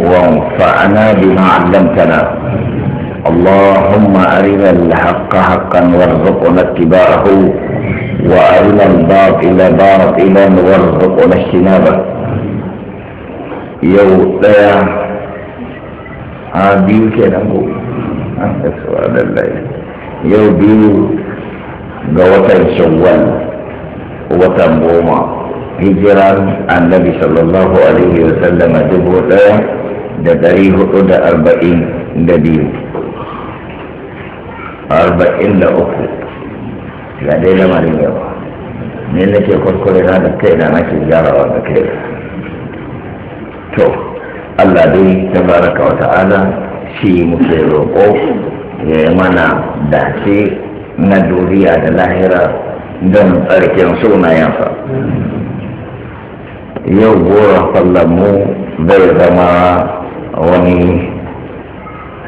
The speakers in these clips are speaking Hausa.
وانفعنا بما علمتنا اللهم أرنا الحق حقا وارزقنا اتباعه وأرنا الباطل باطلا وارزقنا اجتنابه يو لا عادي كلامه سؤال الله يو بيو غوتن شوال قوتا بوما هجران النبي صلى الله عليه وسلم دبو دداري هو دا أربعين دديو أربعين دا أكو لا دي لما ريو نيلة كي قد قد قد قد قد قد قد قد قد تو الله دي تبارك وتعالى شي مسيروكو يمانا داسي ندوريا دا لاهرة دن أركين سونا يافا يو غورا فلمو بيضا ما wani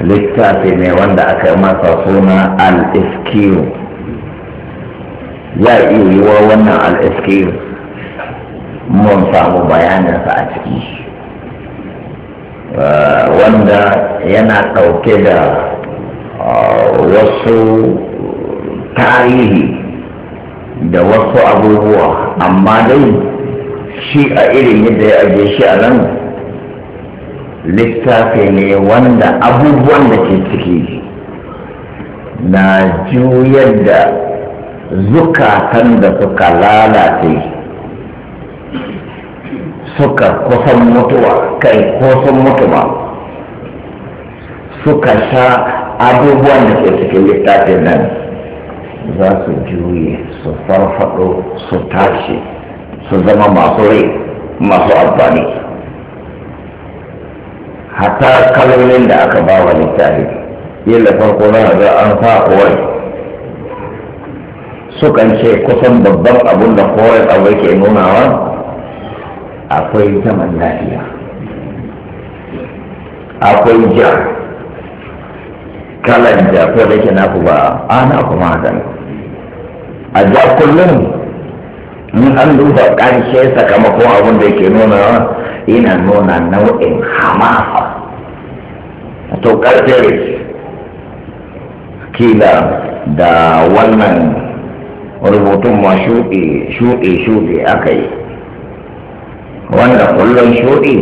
littafi ne wanda aka yi masa suna al-iskiyu ya iya wa wannan al-iskiyu mun samu bayaninsa a ciki ah, wanda yana ɗauke da ah, wasu tarihi da wasu abubuwa amma dai shi a irin yadda ya ajiye shi a nan littafi ne wanda abubuwan da ke ciki na juyar da zukatan da suka lalace suka kusan mutuwa kai kusan mutuwa suka sha abubuwan da ke cikin littafin nan za su juye su farfado su tashi su zama masu rai masu amfani hatta kalolin da aka ba wa littafi yalla farko na ga an sa kowai sukan ce kusan babban abun da kowai abu ke nunawa akwai zaman lafiya akwai ja kalan ja ko da ke naku ba ana kuma hakan a ja kullum in an duba ƙarshe sakamakon abun da ke nunawa yana nuna nau'in hamasa to karfe kila da wannan rubutun ma shuɗe shuɗe shuɗe aka yi wanda kullum shuɗe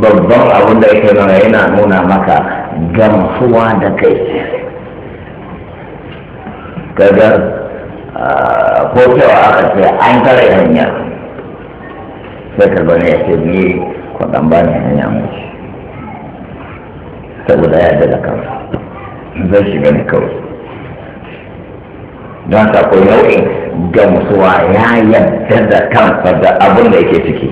babban abin da yake nuna yana nuna maka gamsuwa da kai kaga ah, ko cewa aka ce an tare hanya sai ka ne ya ce ni kwaɗan ba ne hanya mace saboda ya daga kansa zai shiga ne kawai don ka akwai nau'in gamsuwa ya yadda da kansa da abin da yake ciki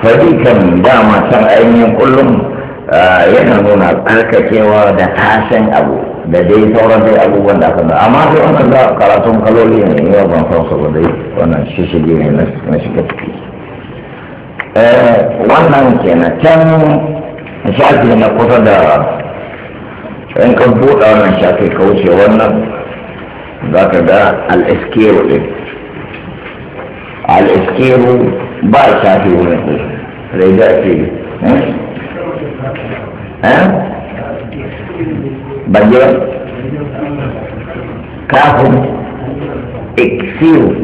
fadi kan dama can ainihin kullum Ah, yana nuna karkacewa da tashin abu da dai sauran dai abubuwan da aka amma sai wannan da karatun kaloli ne yau ban san su dai wannan shishigi ne na shiga ciki eh, wannan kenan can shafi na kusa da in ka buɗa wannan shafi kauce wannan za ka ga al'iskiru ne al'iskiru ba shafi wani ɗin rai da ake Eh? bajiyar kafin iksiru ah, eh,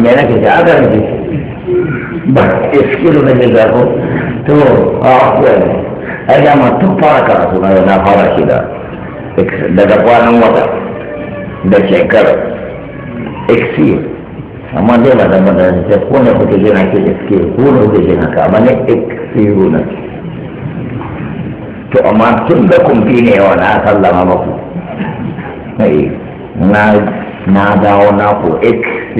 me na ke ta agar ne ba iskiru na ke zafo to a wani ai dama tun fara na na fara daga kwanan wata da shekara iksiru amma dai ba zama da ta kone kuke jina ke iskiru kone kuke ne na ke to amma tun da kun fi ne wa na sallama maku na na dawo na ku xc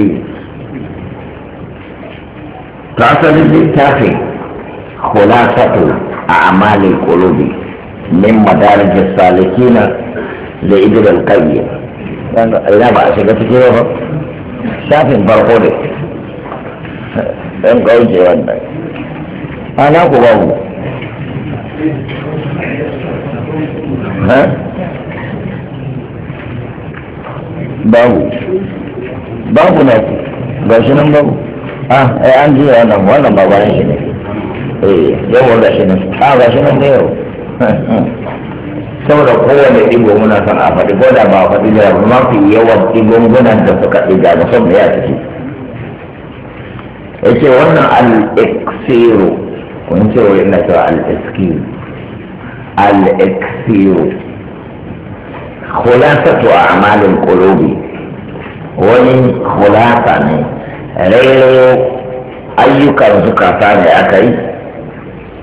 ta asalin littafin khulasatu a amalin kulubi min madarajin na da ibn al ya ina ba a shiga cikin ba shafin farko da ɗan ƙauce wannan ana ku ku? ها babu babu na ku ga shi nan babu ah ai an ji wannan wannan ba bayan shi ne eh yawa ga shi nan ah ga shi nan da yau saboda kowane ɗigo muna son a faɗi ko da ba a faɗi da ba mafi yawan ɗigongunan da suka ɗiga da son ya ciki ya ce wannan al-iksiru kun ce wa ina cewa al-iskiru الاكسيو خلاصة أعمال القلوب وني خلاصة ريلو أيك الزكاتان أكي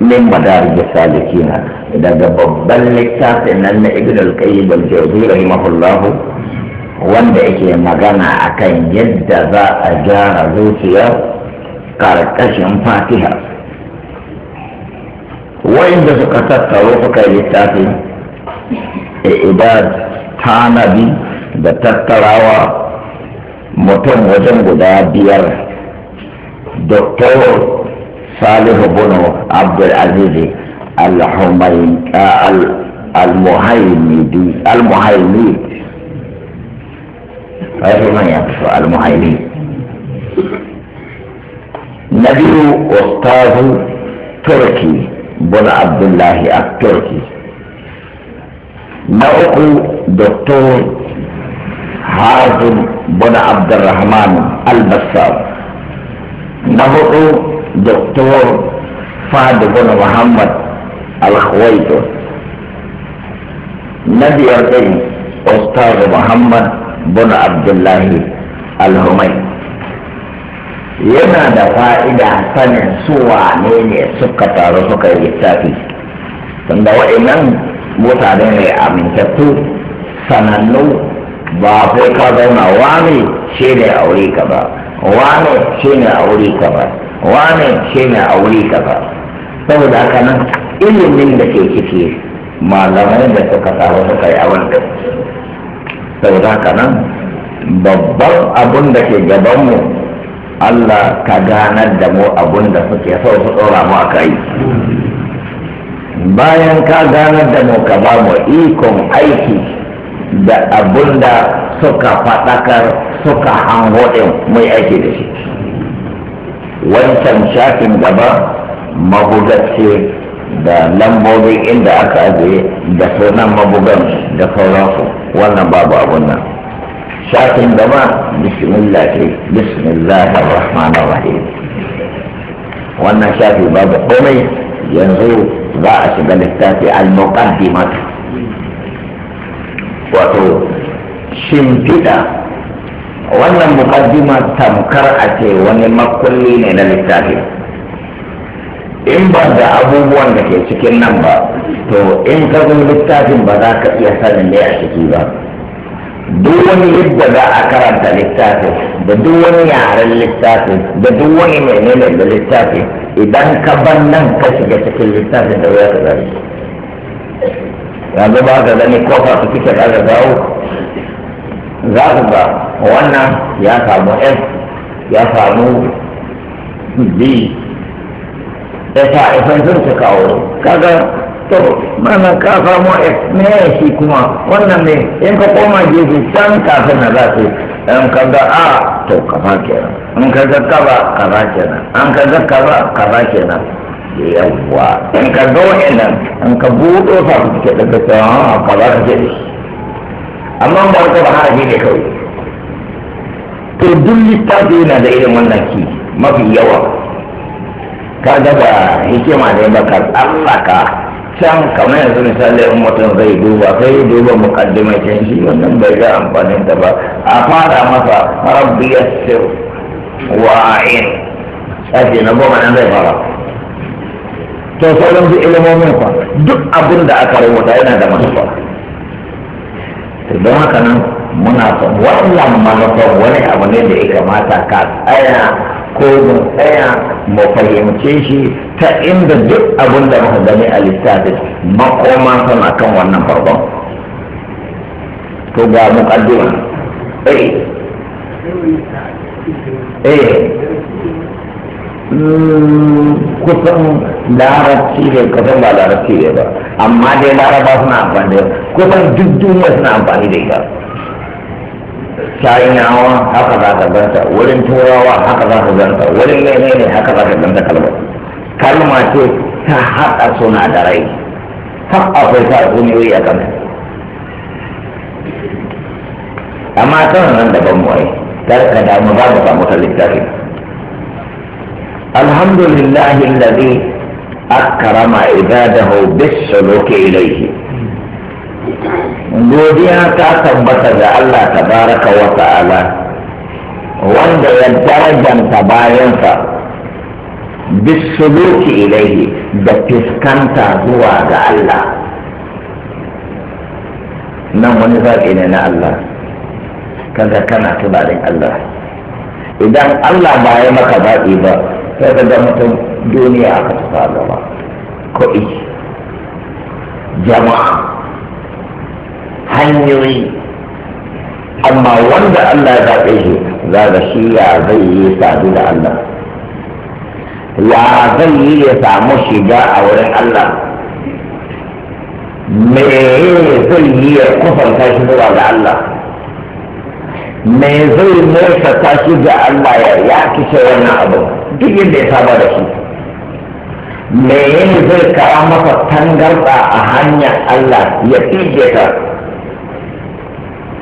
من مدارج السالكين إذا جبب بل لكتاب إن أن ابن القيم الجوزي رحمه الله وأن yake magana a kan yadda za a gyara wa'inda suka tattaro suka yi littafi idan tanadi da tattarawa mutum wajen guda biyar doktor salihu bono abdulaziz al-muhaimidi rahiman ya fi al-muhaimidi na biyu ustazu turki بن عبد الله التركي نأخو دكتور حازم بن عبد الرحمن البصار نأخو دكتور فهد بن محمد الخويتو نبي أرقين أستاذ محمد بن عبد الله الهمين yana da fa'ida sanin su wane ne suka taru suka yi littafi tunda wa'annan mutane ne amintattu sanannu ba sai ka zauna wane shi ne a wuri ka ba wane shi ne a wuri ka ba wane shi ne a wuri ka ba saboda haka nan ilimin da ke ciki malamai da suka taru suka yi a wanda saboda haka nan babban abun da ke gabanmu Allah ka ganar da mu abun da suke so su tsora mu a kai bayan ka ganar da mu ka ba mu ikon aiki da abun da suka faɗakar suka hango ɗin mai aiki da shi wancan shafin gaba mabugace da lambobi inda aka ajiye da sunan mabugan da sauransu wannan babu abun nan ساكن دواء بسم الله كي. بسم الله الرحمن الرحيم وانا شافي باب قومي ينظر ذا اشبال التاتي المقدمة وتو شمتدا وانا مقدمة تمكر اتي وانا مقلين الى التاتي ان بعد ابو abubuwan da ke cikin nan ba to in ka zo littafin ba za duk wani yadda za a karanta littafi da duk wani yaren littafi da duk wani menene da littafi idan ka ban nan ka shiga cikin littafin da wuya ka zari yanzu ba ka gani kofa su kike ɗaga zawo za ku ga wannan ya samu f ya samu b ya sa ifan sun su kawo kaga to mana ka samu me shi kuma wannan ne in ka koma gefe can kafin na za su an ka ga a to kaza kenan in ka ga kaza kaza kenan an ka ga kaza kaza kenan yawwa in ka ga wa'annan in ka buɗo sa ku ke daga cewa a ka ce amma ba ka ba haraji ne kawai to duk littafi yana da irin wannan ki mafi yawa ka ga ba hikima ne ba ka tsallaka can kamar yanzu misali in mutum zai duba sai duba mukaddimai can shi wannan bai ga amfanin ta ba a fara masa rabbi yassir wa'in ake na goma nan zai fara to sauran su ilimomin fa duk abin da aka rubuta yana da manufa don haka nan muna son wannan manufar wani abu ne da ya kamata ka tsaya ko mu tsaya mu fahimce shi ta inda duk abin da muka gani a littafin makoma sana kan wannan farkon to ga muƙaddima eh eh hmm, kusan larabci ne kusan ba larabci ne ba amma dai laraba suna amfani da kusan duk duniya suna amfani da ita chinawa haka za ka ganta wurin turawa haka za ka ganta wurin menene haka za ka ganta kalma kalma ce ta haɗa suna da rai har akwai ta duniyoyi a kan amma tana nan da ban wai ai ka damu za mu samu ta littafi alhamdulillahi alladhi akrama ibadahu bis suluki ilayhi godiya ta tabbata ga Allah tabaraka wa ta'ala wanda ya darajanta bayansa bisuluki ilaihi da fiskanta zuwa ga Allah nan wani zaɓi ne na Allah kaga kana tunanin Allah idan Allah ba ya maka zaɓi ba sai ka ga mutum duniya aka tafa gaba kuɗi jama'a hanyoyi amma wanda Allah ya zaɓe shi za da shi ya zai yi sadu da Allah ya zai yi ya samu shiga a wurin Allah me zai yi ya kusanta shi zuwa ga Allah me zai nesa tashi ga Allah ya ya kishe wannan abu duk yadda ya saba da shi me zai kawo masa tangarɗa a hanyar Allah ya fije ta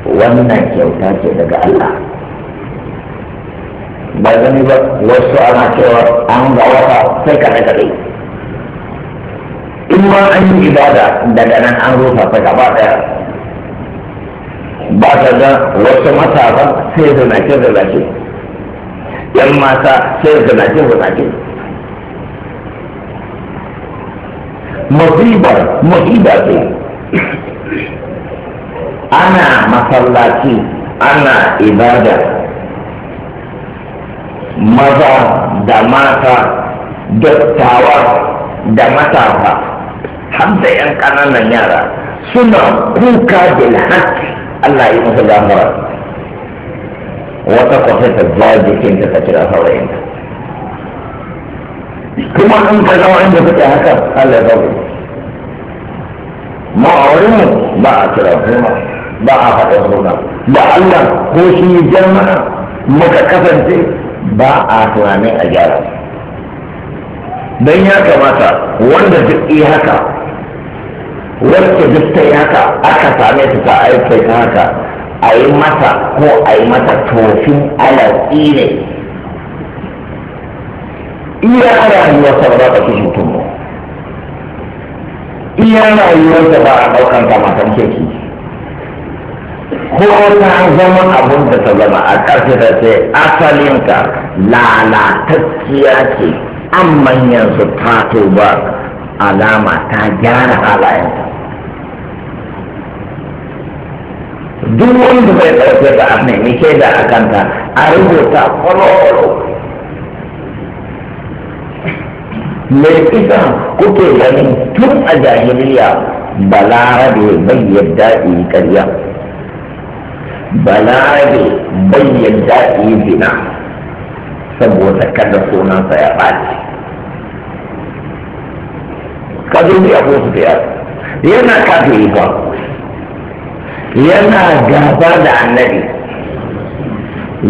wannan kyauta ce daga Allah ba gani ba wasu ana cewa an ga wata sai kaɗe kaɗe in ma an yi ibada daga nan an rufa ta gaba ɗaya ba ta ga wasu matasa sai zanace zanace yan mata sai zanace zanace musibar musibar ce ana masallaci ana ibada maza da mata dattawa da matafa, har da 'yan ƙananan yara suna kuka bil haƙƙi Allah yi masa gafara wata kwafe ta zajikin da ta kira saurayinta kuma in ka zama inda suke haka Allah ya zaɓi ma'aurin ba a kira kuma ba a faɗa suna da Allah ko shi jama'a muka kasance ba a tunanin a gyara don ya kamata wanda duk yi haka wacce duk ta yi haka aka same su ta aiki ta haka a yi mata ko a yi mata tofin alaƙi ne iya yi sa ba ta fi mutum iya yi sa ba a ɗaukan kamatan keke ko ta zama abun da ta zama a ƙarfi da ce asalinka lalatacciya ce an manyan su ta ba alama ta gyara halayenta duk wanda bai ɗauke da a nemi shaida a kanta a rubuta kwalolo mai isa kuke ganin tun a jahiliya balarabe bai yadda yi karya Bala bai yadda yi zina saboda kada sunansa ya ɓaci kazo ne abu su biyar yana yi ba yana gaba da annabi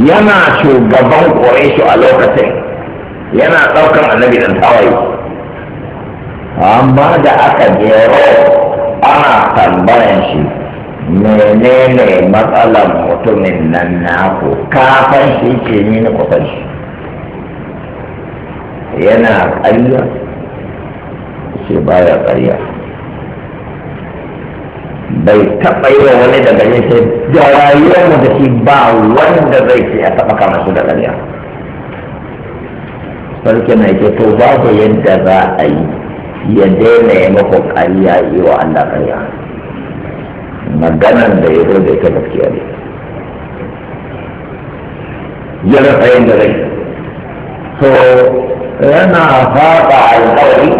yana shugaban ƙwarai a lokacin yana ɗaukar annabi ɗan tawaye amma da aka jero ana tambayan shi menene matsalar mutumin nan naku kafin shi ke ni na kwafan shi yana ƙarya shi baya karya. bai taɓa yi wa wani daga yin sai da rayuwar mu da shi ba wanda zai ce a taɓa kama su da ƙarya sarki na ke to babu yadda za a yi ya daina ya mako ƙarya yi wa Allah karya. maganan da ya zo da ita gaskiya ne ya rasa da rai so yana fada alƙawari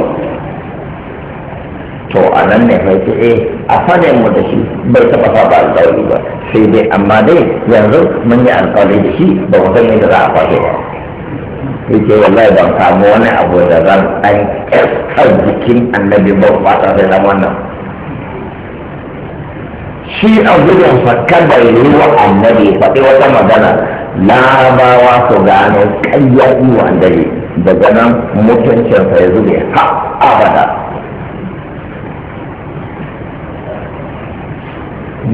to a nan ne kai eh, a a fadin mu da shi bai taɓa fada alƙawari ba sai dai amma dai yanzu mun yi alƙawari da shi ba ku san yadda za a fashe ba yake wallahi ban samu wani abu da zan an ƙasar jikin annabi ba ku ta sai wannan shi a gudunsa kada da yi wa annabi faɗi wata magana larabawa su gano ƙayyar yi wa annabi daga nan mutuncinsa ya zube ha abada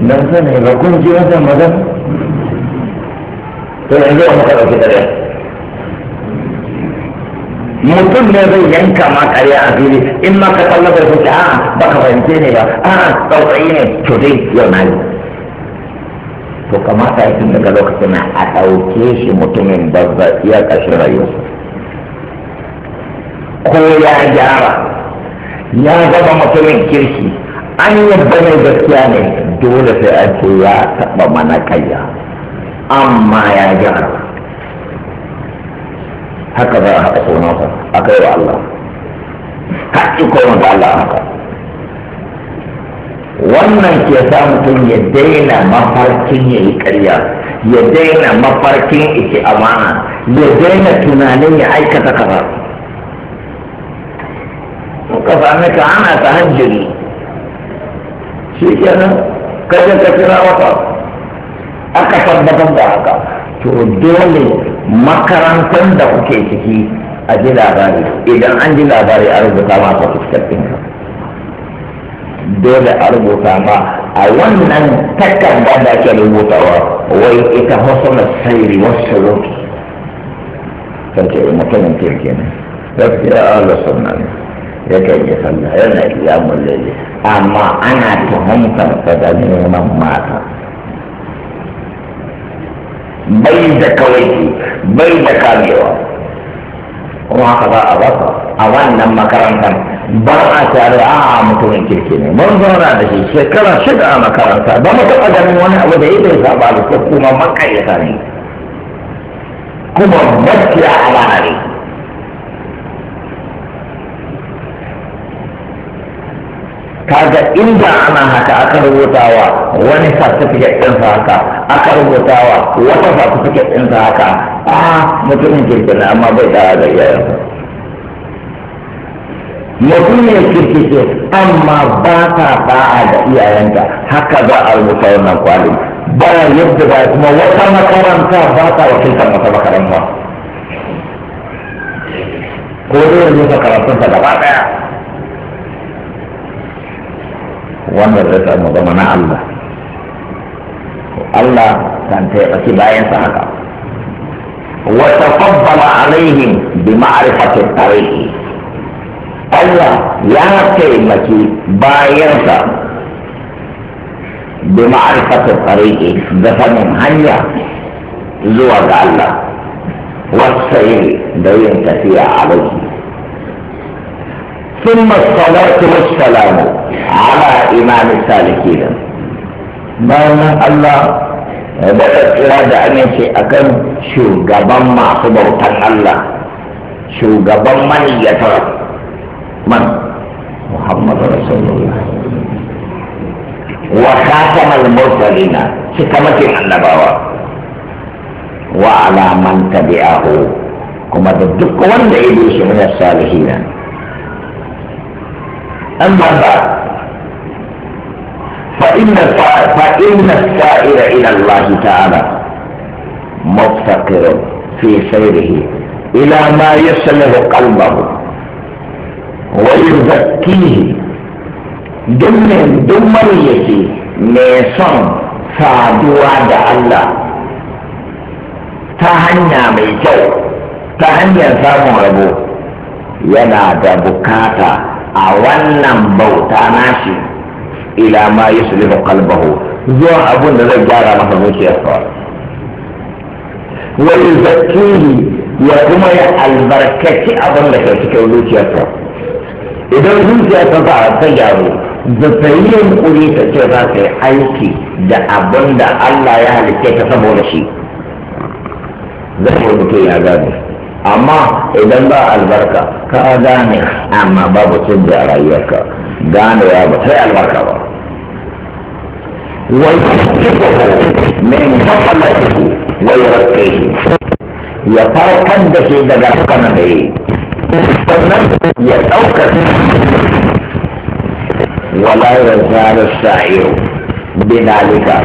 nan sani ga kun ji wata magana to yanzu wa muka ɗauki ɗaya mutum ne zai yanka ma karya a fili in ma ka da su ce a'a baka fahimce ne ba a'a tsautsayi ne to dai yau na yi to kamata ya tun daga lokacin a ɗauke shi mutumin babba iya ƙashin rayuwarsa ko ya gyara ya zama mutumin kirki an yi mai gaskiya ne dole sai a ce ya taɓa mana kayya amma ya gyara haka za a haka sunansa a kai wa Allah haƙƙi kowa da Allah haka wannan ke sa mutum ya daina mafarkin ya yi ƙarya ya daina mafarkin ike amana ya daina tunanin ya aikata kaza ka sami ka ana ta hanjiri shi kenan kaje ka kira wata aka tabbatar da haka to dole makarantar da kuke ciki a ji labari idan an ji labari a rubuta ma ka fuskar ɗinka dole a rubuta ma a wannan takarda da ke rubutawa wai ita na sairi wasu rufi sarki eh, mutumin kirki ne gaskiya ala sunna ne yakan yi sallah yana iya mulle amma ana tuhumtar sa da mata bai da kawai bai da kamewa kuma haka za a baka a wannan makarantar ba a tare a mutumin kirki ne mun zauna da shi shekara shida a makaranta ba mu taɓa ganin wani abu da ya bai saba da kuma makayyata ne kuma ba a ne kaga inda ana haka aka rubuta wa wani certificate ɗinsa haka aka rubutawa wata certificate ɗinsa haka a ah, mutumin kirkina amma bai da da iyayensa mutum ne kirkice amma ba ta a da iyayenta haka za a rubuta wannan kwalin ba yadda ba kuma wata makaranta ba ta wakilta masa makaranta ko dai yanzu ka karatun ta gaba daya wannan rasa mu zama na Allah Allah kan ta yi bayan sa haka wa tafaddala alaihim bi ma'rifati tarihi Allah ya taimaki bayansa bi ma'rifati tarihi da sanin hanya zuwa ga Allah wasayi da yin tafiya alaihi ثم الصلاة والسلام Ala إمام السالكين bayan Allah da tsira da amince a kan shugaban masu bautan Allah shugaban maniyyatar man Muhammadu Rasulullah wa khatamul mursalina cikamakin annabawa wa ala man tabi'ahu kuma da duk wanda ya bi shi min as-salihin amma ba فإن فإن السائر إلى الله تعالى مفتقر في سيره إلى ما يسلب قلبه ويزكيه دمن دمن يجي ميسان سادوا دا الله تهنيا ميجو تهنيا سامو ربو yana da bukata a wannan bauta nashi الى ما يسلم قلبه زو ابن ده جارا ما فهمتي يا صاحبي ويزكيه يا كما يا البركه ابن لك تكولوك يا اذا زوجي اتبع تجارو بفعلهم قولي تجارك حيكي دا ابن دا الله يهلك كتسبه لشي ذهب بكي يا غادر amma idan ba albarka ka gane amma babu canji a rayuwarka gane ya ba ta albarka ba ويسكته من فصلته ويرقيه يفرقن ده daga kanade sannan ya ɗauka wala ya zara sa'iru binalika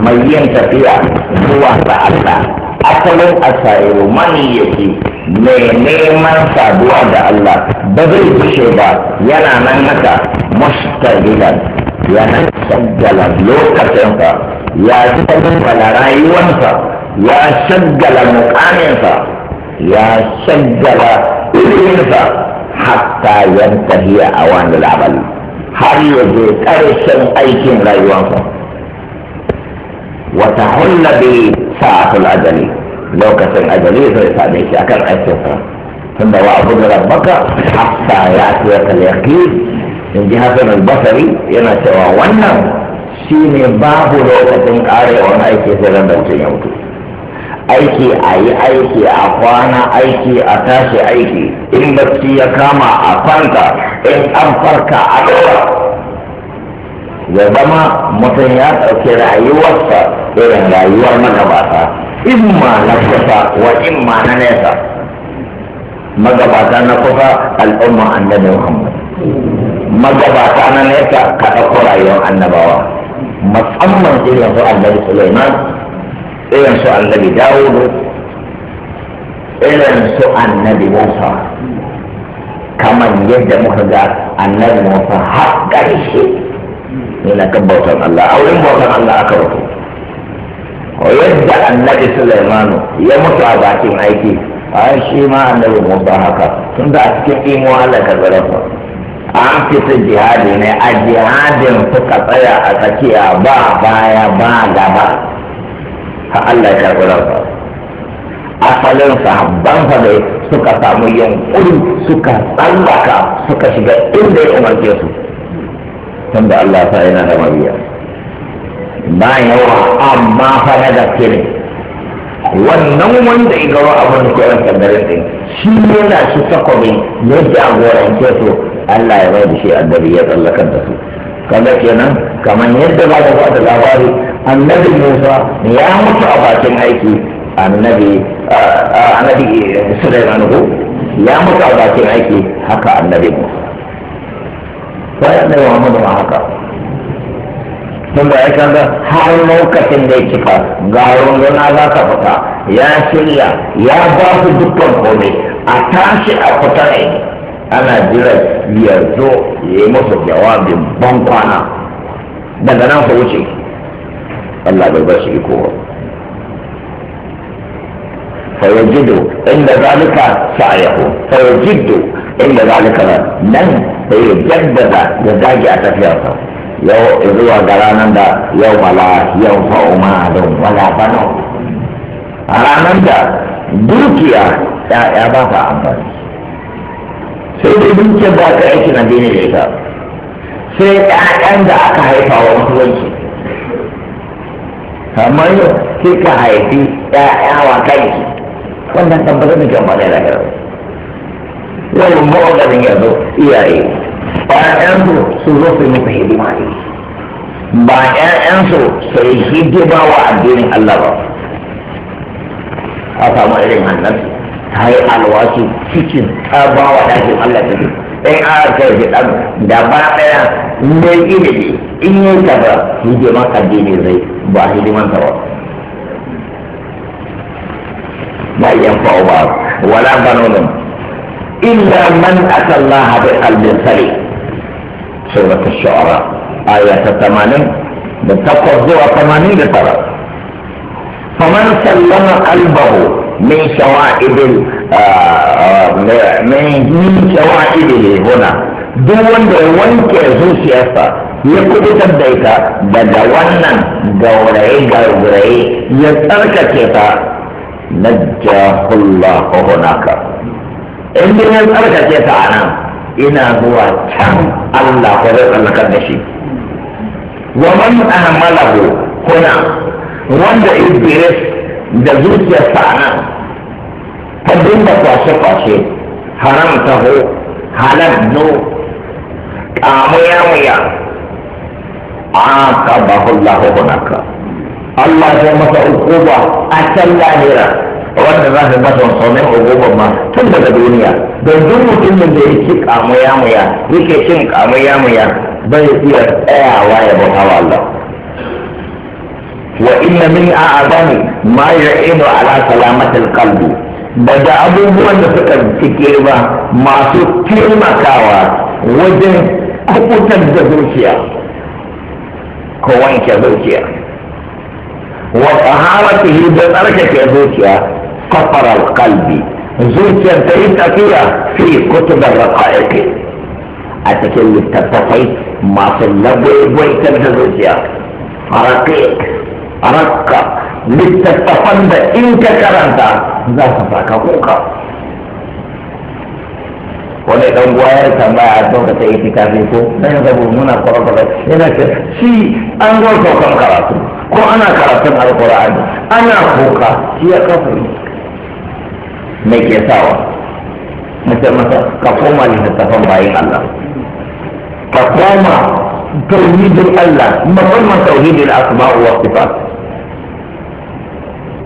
mai yin tafiya zuwa ga Allah asalin asairu mani yake mai neman saduwa da Allah ba zai fushe ba yana nan haka mustaqilan ya shaggala lokacinsa ya zuba da rayuwarsa ya shaggala mukaminsa ya shaggala iliminsa hatta yantahiya a wani labari har ya je ƙarshen aikin rayuwarsa wata hulla bi sa'atul ajali lokacin ajali zai same shi akan aikinsa tunda wa abu da rabbaka hatta ya tiyaka yaqin in ji hasan al-basari yana cewa wannan shi ne babu lokacin karewar aiki sai ran da ya mutu aiki a yi aiki a kwana aiki a tashi aiki in bacci ya kama a kwanta in an farka a dora ya zama mutum ya ɗauki rayuwarsa irin rayuwar magabata in ma na kusa wa in ma na nesa magabata na kusa al'umma annabi muhammad magabata na nesa ka ɗauko rayuwar annabawa musamman irin su annabi Suleiman irin su annabi Dawudu irin su annabi Musa kamar yadda muka ga annabi Musa har ƙarshe na kan bautan Allah a wurin bautan Allah aka rufe yadda annabi Sulaimanu ya mutu a bakin aiki a shi ma annabi Musa haka tunda a cikin imuwa Allah ka zarafa an fita jihadi ne a jihadin suka tsaya a tsakiya ba baya ba gaba Ka Allah ya karɓi rauta asalin sahabban fa dai suka samu yankuri suka tsallaka suka shiga inda ya umarce su tunda Allah sa yana da mariya ba yawa amma fa na gaske ne wannan wanda ya gawa abin da ke ran kaddarin din shi yana shi takwabin ya jagorance su Allah ya bai da shi annabi ya tsallakar da su kaga kenan kamar yadda ba da ba da labari annabi Musa ya mutu a bakin aiki annabi annabi Sulaiman ko ya mutu a bakin aiki haka annabi Musa sai annabi Muhammad ma haka tun da ya kaga har lokacin da ya cika ga runduna za ka fita ya shirya ya ba su dukkan komai a tashi a fita ne ana jira ya zo ya yi masa jawabin ban kwana daga nan fa wuce Allah bai bar shi iko ba fa yajidu inda zalika sa'ayahu fa yajidu inda zalika nan sai ya jaddada ya dage a tafiyarsa yau zuwa ga ranar da yau bala yau fa fa'uma don wala bano a ranar da dukiya ya ba ta amfani sai dai dukiyar da aka aiki na dini da ita sai ƴaƴan da aka haifa wa musulunci amma yau ke ka haifi ƴaƴa wa kanki wannan tabbatar da kyan bane da kyau yau ma'aikarin yanzu iyaye ƴaƴansu su zo su yi musu hidima ne ba ƴaƴansu su yi hidima wa addinin Allah ba a samu irin annabi ta yi cikin ta ba wa ɗakin Allah ta ce in an kai shi ne ne ne in yi ta ba ya je ma hidiman addini zai ba hidiman ta ba ba yan fa'o ba wala banonin illa man atallaha bi qalbin salim surat ash-shu'ara ayat 80 da takwas zuwa 89 فمن سلم قلبه min شوائب من شوائبه هنا duk wanda ya wanke zuciyarsa ya kubutar da ita daga wannan gauraye gauraye ya tsarkake ta na jahullah hunaka in dai ya tsarkake ta a ina zuwa can Allah ko zai tsallakar da shi wa man amalahu kuna wanda ibris da zuciyar sa nan ta dinga kwashe-kwashe haram taho halal no ƙamuyamuya. aka ba hullahu hunaka Allah ya masa hukuma a can lahira wanda za ka masa saunin hukuma ma tun daga duniya don duk mutumin da ya ci ƙamuyamuya, yake cin ƙamuyamuya, bai iya tsayawa ya wa Allah من أعظم ما يعين على سلامة القلب daga abubuwan da suka fi girma masu taimakawa wajen kubutar da zuciya ko wanke zuciya wa taharatihi da tsarkake zuciya kafara kalbi zuciyar ta yi tafiya fi kutubar raqaiqi a cikin littattafai masu lagwai da zuciya raqiq rakka littattafan da in ka karanta za ka saka kuka wani dan uwa ya tambaya a sauka ta yi tikafi ko dan zabo muna kwarakwara yana ce shi an zo saukan karatu ko ana karatun alkur'ani ana kuka shi ya kafin mai ke sawa mace masa ka koma littattafan bayan Allah ka koma tauhidin Allah musamman tauhidin asma'u wa sifat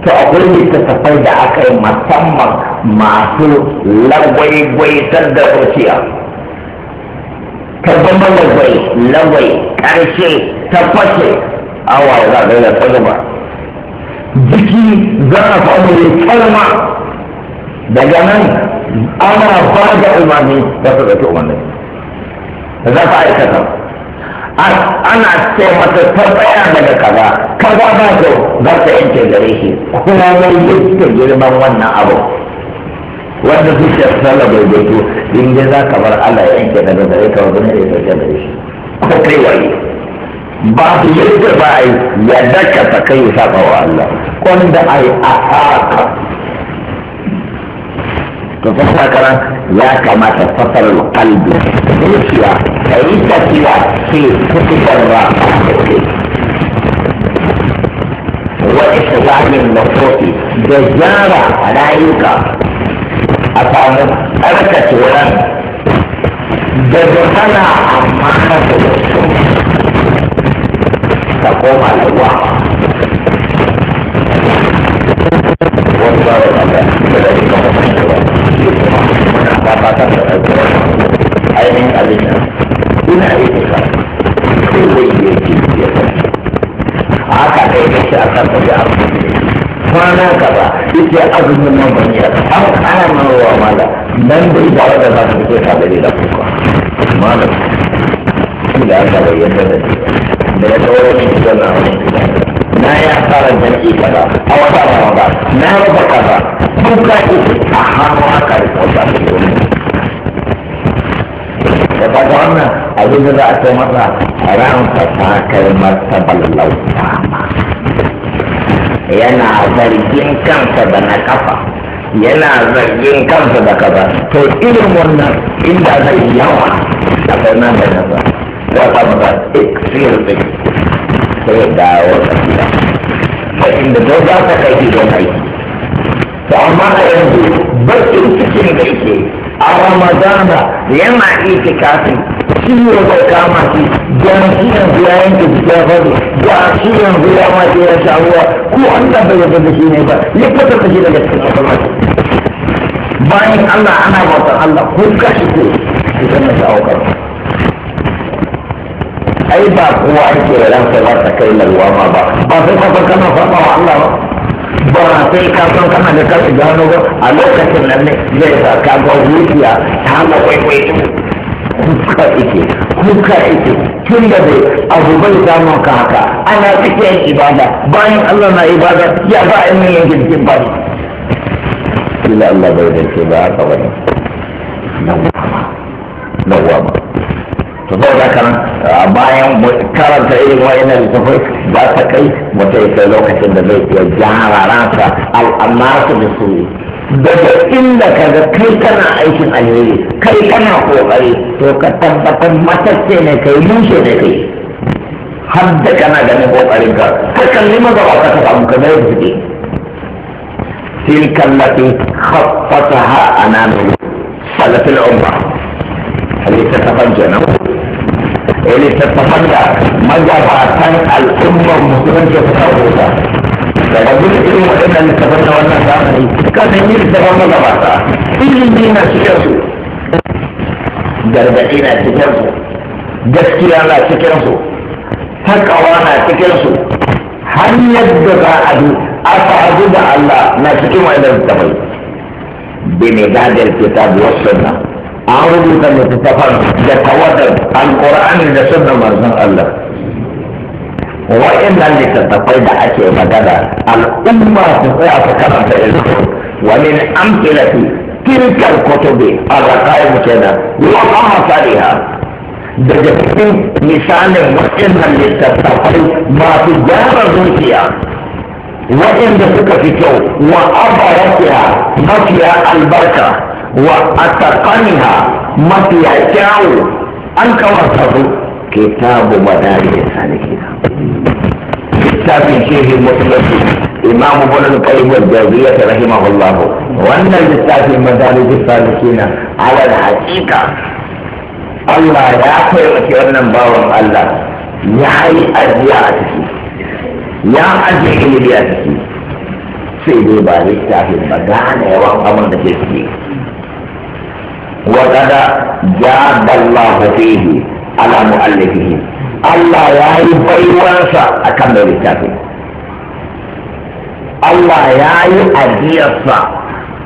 to akwai littattafai da aka yi musamman masu lagwaigwaitar da zuciya ta zama lagwai lagwai ƙarshe tabbace awa za a da tsarba jiki za a samu yin kalma daga nan ana ba da umarni za su ɗauki umarni za su aikata ana ce masa tabbaya daga kaza kaza ba kyau za ta yanke gare shi kuma mai yadda girman wannan abu wanda shi sana bai gaito in dai za ka bar Allah yanke daga gare ka wajen da ya sauke gare shi ko kai waye su yi ba a yi yadda ka ta kai ya ba wa Allah kwanda a yi a haka تفسر كلام يا كما تفسر القلب السوى فإذا سوى في كتب الراحة وإشغال النفوس جزارة رأيك أفهم أركة ولا جزارة أمانة تقوم على الواقع والله mendapatkan air kalinya guna itu ta ini akan berjalan mana kata itu akan mempunyai apa mau mana dan a dalam itu kali dilakukan mana tidak ada yang terjadi dari orang yang sudah na ya fara jam'i kaza a wata rama na raba kaza duka ita a hannu aka yi kwasa da domin da ta ga wannan abin da za a ce masa ranka ta kai martabar lauta yana zargin kansa da na kafa yana zargin kansa da kaza to irin wannan inda zai yawa a kai nan da nasa ya kwamata iksir zai sai dawo da aikin da kai don aiki to amma a yanzu bakin cikin da yake a ramadana yana iya kafin shi ne bai kama shi don shi yanzu ya yanke shi yanzu ya ma ya sha ruwa ko an da bai yarda da shi ne ba ya fata da shi daga cikin masallaci bayan Allah ana bautar Allah ko kashi ko ita na sha'awar ai ba kowa ake ransa ba ta kai lalwama ba ba sai ka san kana saba wa Allah ba ba sai ka san kana da kai gano ba a lokacin nan ne zai sa ka ga zuciya ta na kwaikwayo kuka ike kuka ike tun da bai abu bai samu ka haka ana yin ibada bayan Allah na ibada ya ba a yin yankin ba illa Allah bai da ke ba haka wani na wama na wama to saboda kan bayan karanta irin wa'ina littafai za ta kai mutum ya kai lokacin da zai iya gyara ransa al'amarsu da su daga inda ka ga kai kana aikin alheri kai kana kokari to ka tabbatar matacce ne kai mushe ne kai har da kana ganin kokarin ka ka kalli maza ba ka samu ka mai zuke tilkan lati khaffataha ananu salatul umma ta littattafan kenan eh, littattafan da magabatan al'ummar musulunci suka da ba duk irin waɗannan littattafan na wannan zamani kasan yi littattafan magabata ilimi na cikin su gargaɗi na cikin su gaskiya na cikin su takawa na cikin su hanyar da za a bi a sa'adu da Allah na cikin waɗannan littattafai بمداد wasu والسنه an rubuta littattafan da tawadar alƙur'ani da sunan manzon Allah wa'annan littattafai da ake magana al'umma su tsaya su karanta ilmi wa min amthilati tilka al-kutubi al-raqaib kenan wa amsalha daga cikin misalin wa'annan littattafai masu gyara zuciya wa'anda suka fi kyau wa abarakiya mafiya albarka wa mafi mafiya kyawu an kawarta su kitabu madari salihina littafin shehi mutulafi imamu bulun kalimar jaziyya ta rahimahullahu wannan littafin madari salihina alal haƙiƙa Allah ya taimaki wannan bawan Allah ya yi ajiya a ciki ya ajiye ilimi a ciki sai dai ba littafin ba gane yawan abin ke ciki وقد جاد الله فيه على مؤلفه الله يا يبي وانسى أكمل الكتاب الله يا يؤدي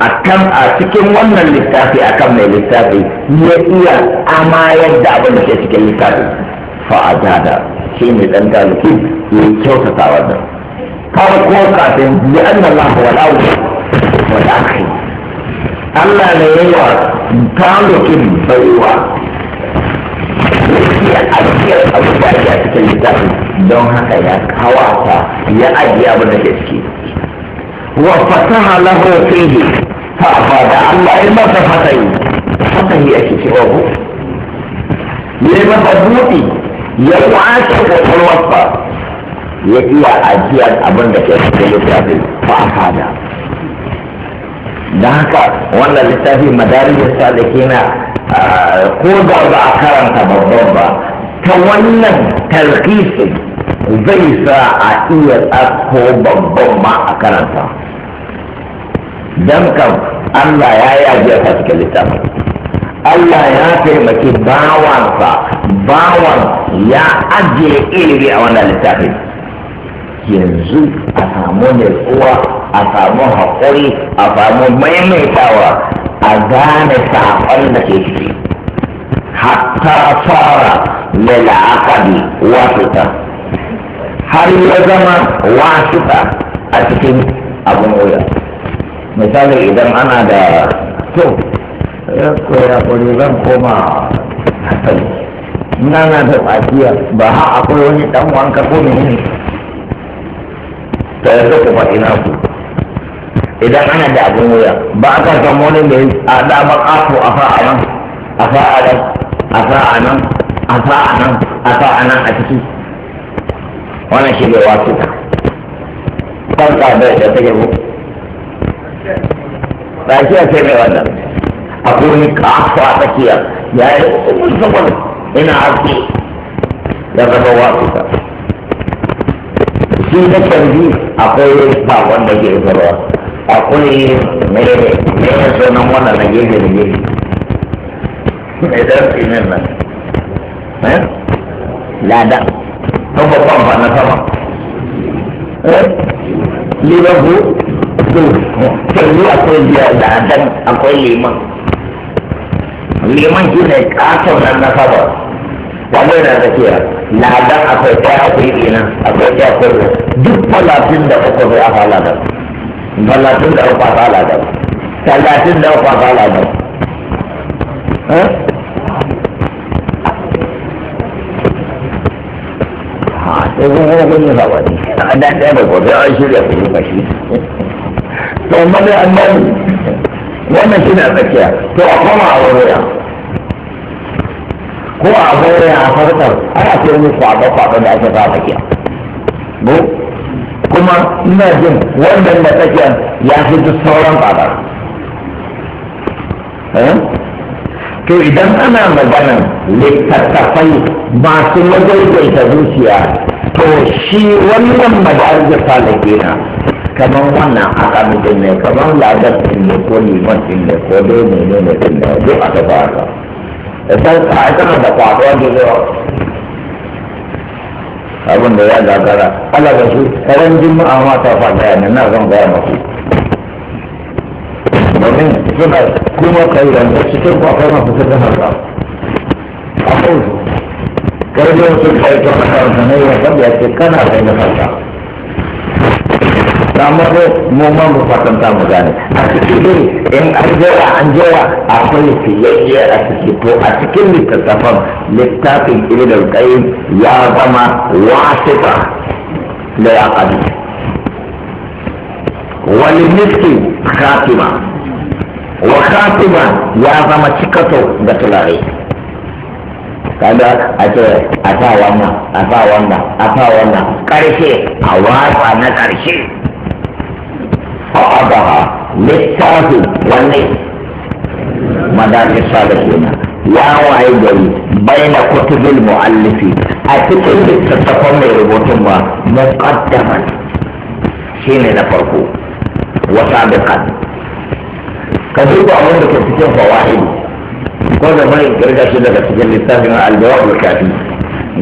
akan a cikin wannan littafi akan mai littafi ya iya ama yadda abin da ke cikin littafi fa'adada shi ne dan galibi ya kyautata wannan farko kafin bi anna Allah wal awwal Allah ne yawa talukin baiwa ya ajiyar abubuwa a cikin littafin don haka ya kawata ya ajiye abin da ke ciki wa fasaha lahu fihi fa da Allah ya masa fatahi fatahi ake cewa ko ya yi masa buɗi ya da kwakwalwarsa ya iya ajiyar abin da ke cikin littafin fa da. da haka wannan littafi madarijin ke na ko da ba a karanta babban ba ta wannan tarkisin zai sa a iya tsako babban ma a karanta don kan allah ya yi ajiyar a cikin littafi allah ya taimaki bawansa bawan ya ajiye ilimi a wannan littafin yanzu a samu nutsuwa a samu haƙuri a samu maimaitawa a gane saƙon da ke ciki hatta fara lalakari wasuta har ya zama wasuta a cikin abin wuya misali idan ana da to ya koya kuri zan koma hasali na na da tsakiya ba ha akwai wani dan wanka ko menene ta yanzu ku ina naku idan ana da abin wuya ba a kan san wani mai a da ba a fa a nan a fa a nan a fa a nan a fa a nan a fa a nan a ciki wannan shi ne wasu ta kan kwanta da ta take mu ba shi a sai mai wannan akwai wani ka a fa tsakiya ya yi umar saboda ina haske ya zama wasu ta tun da canji akwai ba wanda ke zarwa akwai mere mere sunan wannan na gefe da gefe mai darasi nan nan eh? lada ta babban ba na sama eh? liverpool canji akwai biya adam akwai liman liman shi ne nan na sama wanda yana tsakiya ladan akwai ɗaya akwai ɗinan akwai ɗaya duk talatin da uku zai aka haladar talatin da uku aka haladar talatin da uku aka haladar eh? ha? kun kuma kun yi hawa ne a dan ɗaya da kwafi an shirya ku yi kashi to amma dai an bani wannan shi ne a tsakiya to a koma a wani wurin ko a wurin a farkar ana ce wani kwaɗo-kwaɗo da ake sa tsakiya bu kuma ina jin wannan da kake ya fi duk sauran babar eh? to idan ana maganan littattafai masu magaigaita zuciya to shi wannan madarja salike na kamar wannan akamidin ne kamar ladar ne ko liman ne ko dai ne ne ne duk aka ba ka. Idan a kana da kwaɗo da zai abin da ya gagara ala da su karen jima'a ma ta faɗa yana na zan gaya masu domin suna kuma kai da cikin kwakwai masu cikin haka a kawai karfe wasu kai a makaranta ne ya da ya ce kana kai da haka amma dai mu ma mu mu gane a cikin in an jera an jera akwai fiyayye a ciki to a cikin littattafan littafin ya zama wasita da ya kadi wani miski khatima wa khatima ya zama cikato ga tulare kada a ce a sa wannan a sa wannan a sa wannan karshe a na karshe baha littafin wanne madafisa da kuma ya waye gari bai na kutubin mu'allifi a cikin littattafan mai rubutun ba muqaddaman shi ne na farko wa sabiqan ka duba abin da ke cikin fawa'i ko da mai girgashi daga cikin littafin al da al-kafi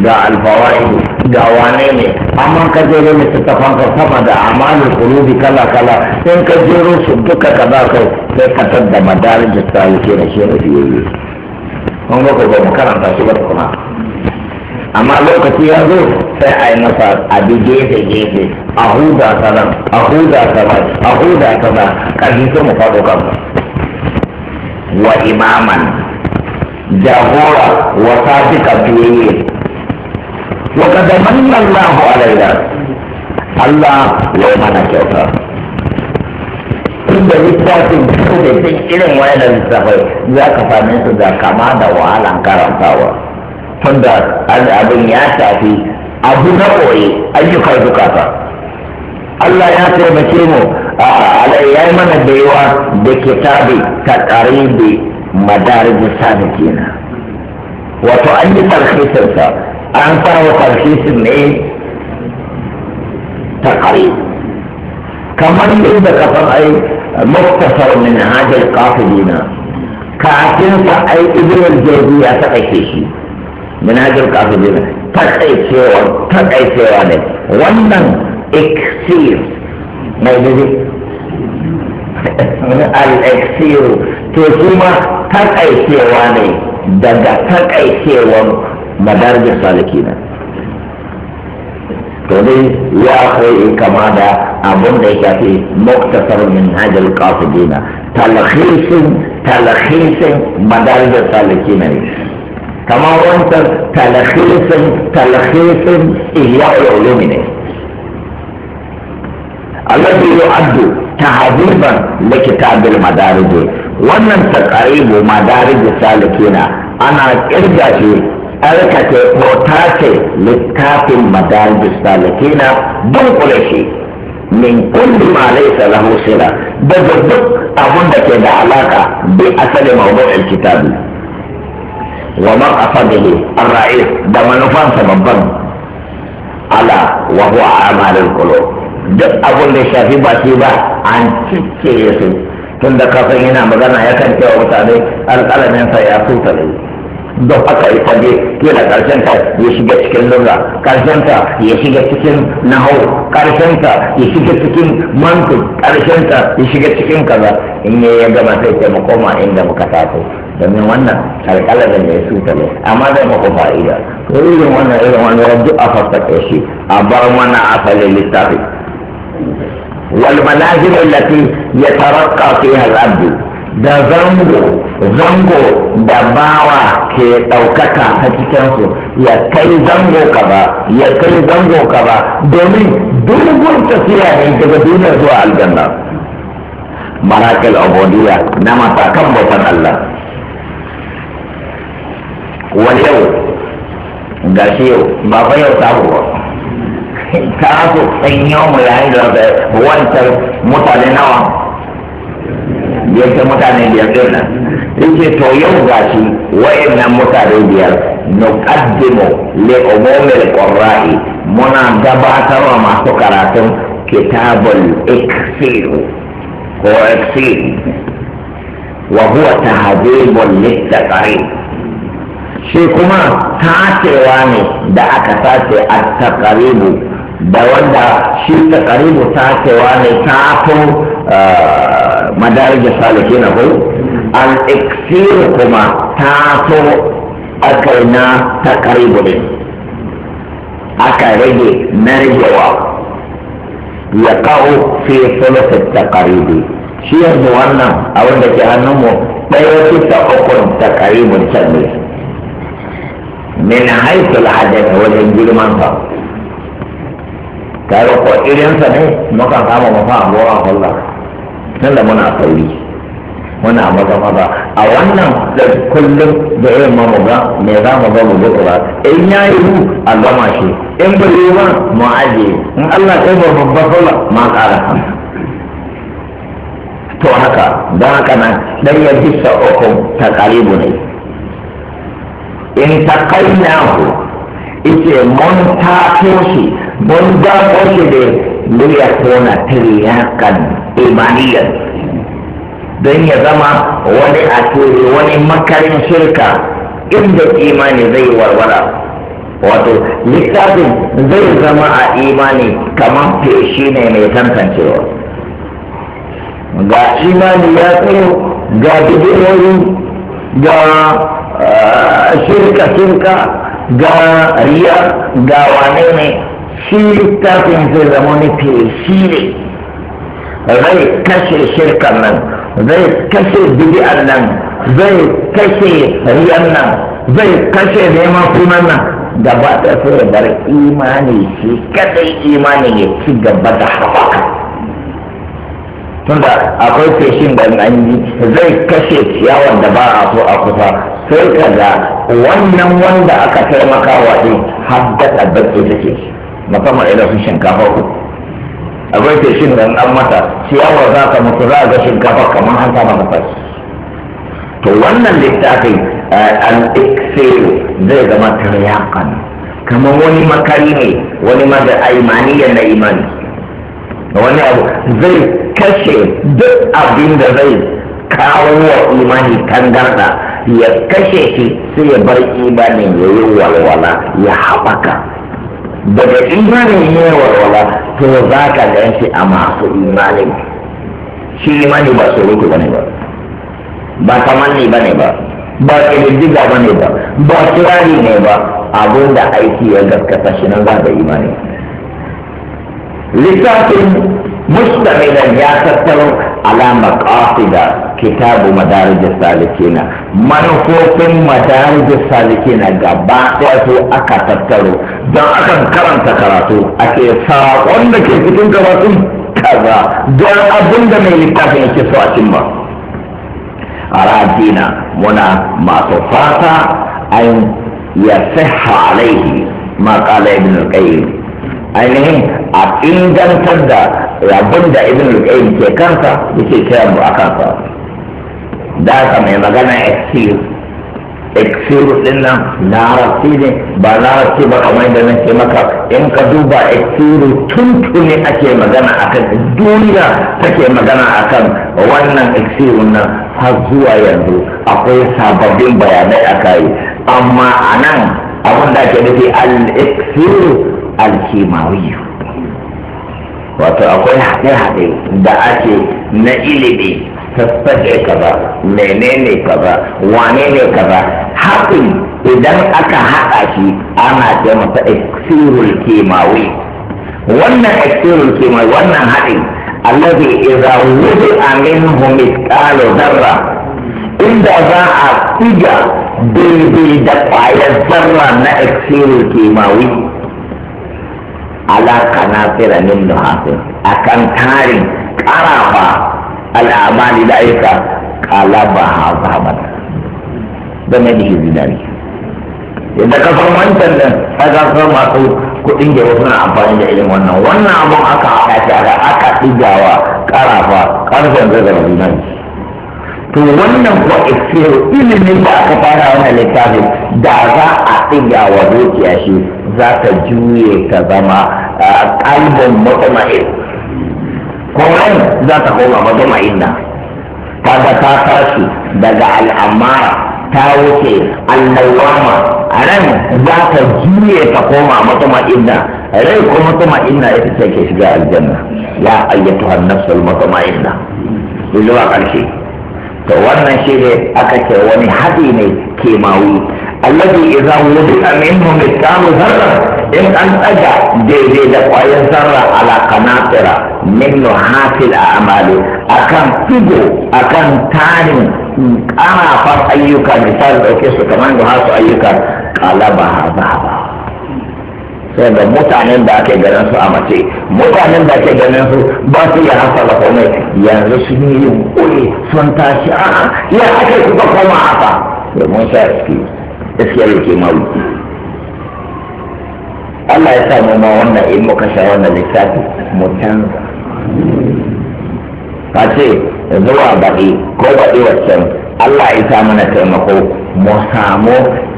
ga al-fawa'i ga wane ne amma ka jero littattafan ka sama da amalin kulubi kala kala in ka jero su duka ka ba kai sai ka tadda da salike da shi rafiyayye kun ga ba mu karanta shi ba kuma amma lokaci ya zo sai a yi a bi gefe gefe a huda nan a huda nan a huda sanan ƙarfi sai mu faɗo kan wa imaman jagora wa sadiqa biyayya وقد من الله علينا الله يوم انا كيوتا inda littafin su da duk irin wayanan littafai za ka same su da kama da wahalan karantawa tunda abin ya shafi abu na koyi ayyukan zukata Allah ya taimake mu ya yi mana da yawa da kitabi ta ƙaribi madarijin sami kenan wato an yi tarhisarsa an wa karshe su ne ta kare kamar yadda ka san ai muktasar min hajar kafirina kafin sa ai ibn jirgin ya ta kake shi min hajar kafirina ta cewa ta cewa ne wannan iksir mai dubi al-iksir to kuma ta cewa ne daga ta cewa. madarajar salaki na to dai ya kai kama da abin da ya fi muktasar min hajjar kafa dina talakhisin talakhisin madarajar salaki na kama wanta talakhisin talakhisin iyayar ulumi ne allah yi addu ta da kitabin madarajar wannan takaribu madarajar salaki na ana kirga shi aikata ce littafin madarijus salikina don shi min kulli ma laysa lahu sira daga duk abun da ke da alaka bi asali mawdu'il kitabi wa ma qasadihi ar-ra'is da manufansa babban ala wa huwa amalul qulub duk abun da shafi baki ba an cicce su tun da kafin yana magana ya yakan cewa mutane alƙalamin sa ya tutale don aka ita ne yana karshenta ya shiga cikin lura karshenta ya shiga cikin nahau karshenta ya shiga cikin mantu karshenta ya shiga cikin kaza in ya ya gama sai sai makoma inda muka taso domin wannan kalkalar da ya suta ne amma zai mako fa'ida to irin wannan irin wannan duk a fassaka shi a bar mana asalin littafi والمنازل التي يترقى فيها العبد ده ذنبه zango da bawa ke ɗaukaka a cikinsu ya kai zango ka ba ya kai zango ka ba domin dubun tafiya ne daga duniya zuwa aljanna marakil abodiya na matakan bautan Allah wani yau ga shi yau ba fa yau ta ba ta so tsan yau mu yayi da wancan mutane nawa biyar mutane biyar nan yake to yau gashi wa'annan mutane biyar nuqaddimu le umumil qurra'i muna gabatar wa masu karatun kitabul iksir ko iksir wa huwa da litaqari shi kuma tacewa ne da aka sace a takaribu da wanda shi taqribu tacewa ne ta to madarajar na ko al kuma ta so aka yi na takaribulin aka rage na ya kawo fi ta takaribi shi yanzu wannan abin da ke hannunmu ɗaya bisa ta takaribun can ne min haisul adami wajen girman sa kaga ko irinsa ne muka kama mafa a gora sallah nan da muna sauri muna maza maza a wannan da kullum da irin mamuga mai za mu ga mu in ya yi mu a shi in ba yi ba mu aje in Allah kai ba babbar sallah ma ƙara to haka don haka nan dan ya bisa uku ta karibu ne in ta kai na ku ice mun ta toshe mun ga shi da liyakuna tiriyakan imaniyan don ya zama wani a wani makarin shirka inda imani zai warwara wato littafin zai zama a imani kamar feshi ne mai tantancewa ga imani ya tsoro ga bidiyoyi ga eh, shirka-shirka ga riya ga wane ne shi littafin zai zama wani feshi ne zai kashe shirkan nan zai kashe bid'ar nan zai kashe riyan nan zai kashe neman sunan nan gaba da sai ya bar imani shi kadai imani ya ci gaba da haɓaka tunda akwai feshin da nan yi zai kashe ciyawar da ba a so a kusa sai ka ga wannan wanda aka taimaka wa ɗin haddasa baƙi take musamman irin shinkafa uku a bai ce shin nan an mata ciyawa za ka mutu za a ga shinkafa kamar an kama mata to wannan littafin eh, al-iksir zai zama taryakan kamar wani makari ne wani mada aimaniya na imani wani abu zai kashe duk abin da zai kawo wa imani tangarda ya kashe shi sai ya bar imanin ya yi walwala ya haɓaka daga imanin ne walwala to za ka gan shi a masu imanin shi imani ba su rutu bane ba ba tamanni bane ba ba ƙididdiga bane ba ba kirari ne ba abin da aiki ya gaskata shi nan za da imani littafin mustamilan ya tattaro ala maqasida kitabu madarij salikina manufofin madarij salikina gaba ɗaya su aka tattaro don akan karanta karatu ake saƙon da ke cikin gabatun kaza don abin da mai littafin yake so a cimma a radina muna masu fata an yasiha alaihi ma qala ibn al-qayyim ainihin a ingantar da abin da ibn al-qayyim ke kansa yake cewa mu akan sa da ka mai magana excuse excuse din nan larabci ne ba larabci ba kamar da ke maka in ka duba excuse tuntuni ake magana akan duniya take magana akan wannan excuse nan har zuwa yanzu akwai sababbin bayanai akai amma anan abin da ake nufi al-excuse al-kimawiyu wato akwai haɗe-haɗe da ake na ilimi sassaƙe kaza menene kaza wane ne kaza haɗin idan aka haɗa shi ana ce masa eksirul kimawi wannan eksirul kimawi wannan haɗin allazi idza wudi'a minhu mithqalu zarra inda za a figa daidai da ƙwayar zarra na eksirul kimawi ala kanafira min a kan tarin karafa al'amali da aika kalaba hazaban da na dihi hizidari yadda ka san wancan nan ka san masu kuɗin da suna amfani da irin wannan wannan abun aka haɗa shi aka ɗigawa karafa karfin zai zama zinari to wannan kuwa isiro ilimin da aka fara wannan littafin da za a ɗiga wa dukiya shi za ta juye ta zama kalbin mutuma'in kwanan za ta koma mutuma'in na kaga ta tashi daga al'amara ta wuce allawama ran za ta juye ta koma mutuma'in na rai ko mutuma'in na ita ce ke shiga aljanna ya ayyatu hannasul mutuma'in na zuwa ƙarshe to wannan shi ne aka ce wani hadi ne kemawi alladhi idza wudi'a minhu mithqalu zarra in an tsaga daidai da kwayan zarra ala qanatira minhu hafil a'mali akan figo akan tarin ƙarafan ayyuka misali dauke su kamar da hasu ayyuka qalaba ba sai da mutanen da ake ganin su a mace mutanen da ake ganin su ba su yi hasa da komai yanzu sun yi yunkuri sun tashi a ya ake kuka koma haka domin sha iski iskiyar yake mawu Allah ya samu ma wannan in muka sha wannan lissafi mu canza ka ce zuwa baɗi ko baɗi waccan Allah ya sa mana taimako mu samu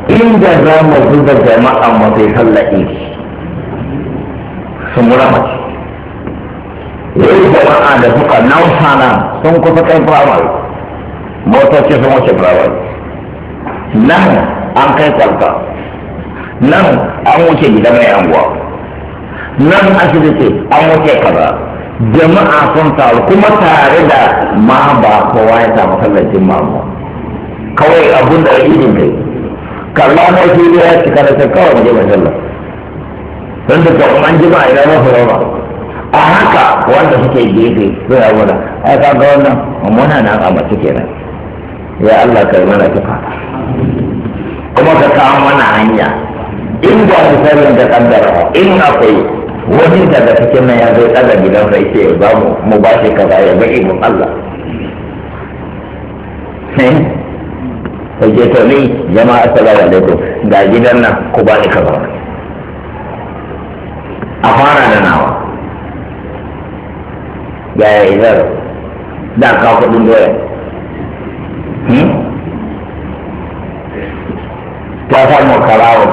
inda za mu zuba jama'a mu sai sallah sun muramaci wani a da suka nausana sun kusa kai firamare motoci sun wuce firamare nan an kai kwalta nan an wuce gida mai anguwa nan asibiti an wuce kaza jama'a sun taru kuma tare da ma ba kowa ya samu sallacin mamu kawai abun da ya yi kai kalla mai fili ya cika da kawai mu je don da kuma an jima idan a su ba a haka wanda suke gefe suna wuna a ka kaga wannan muna na a mace kenan ya Allah kai mana kifa kuma ka kawo mana hanya in ga misalin da kaddara in akwai wani daga cikin nan ya zai tsada gidan rai ce ba mu mu ba shi kaza ya ga ibn Allah eh? sai ke to ni jama'a assalamu alaikum ga gidan nan ku ba ni kaza a fara da nawa yaya zaro da ka kudin doya hmm? ka samu karawa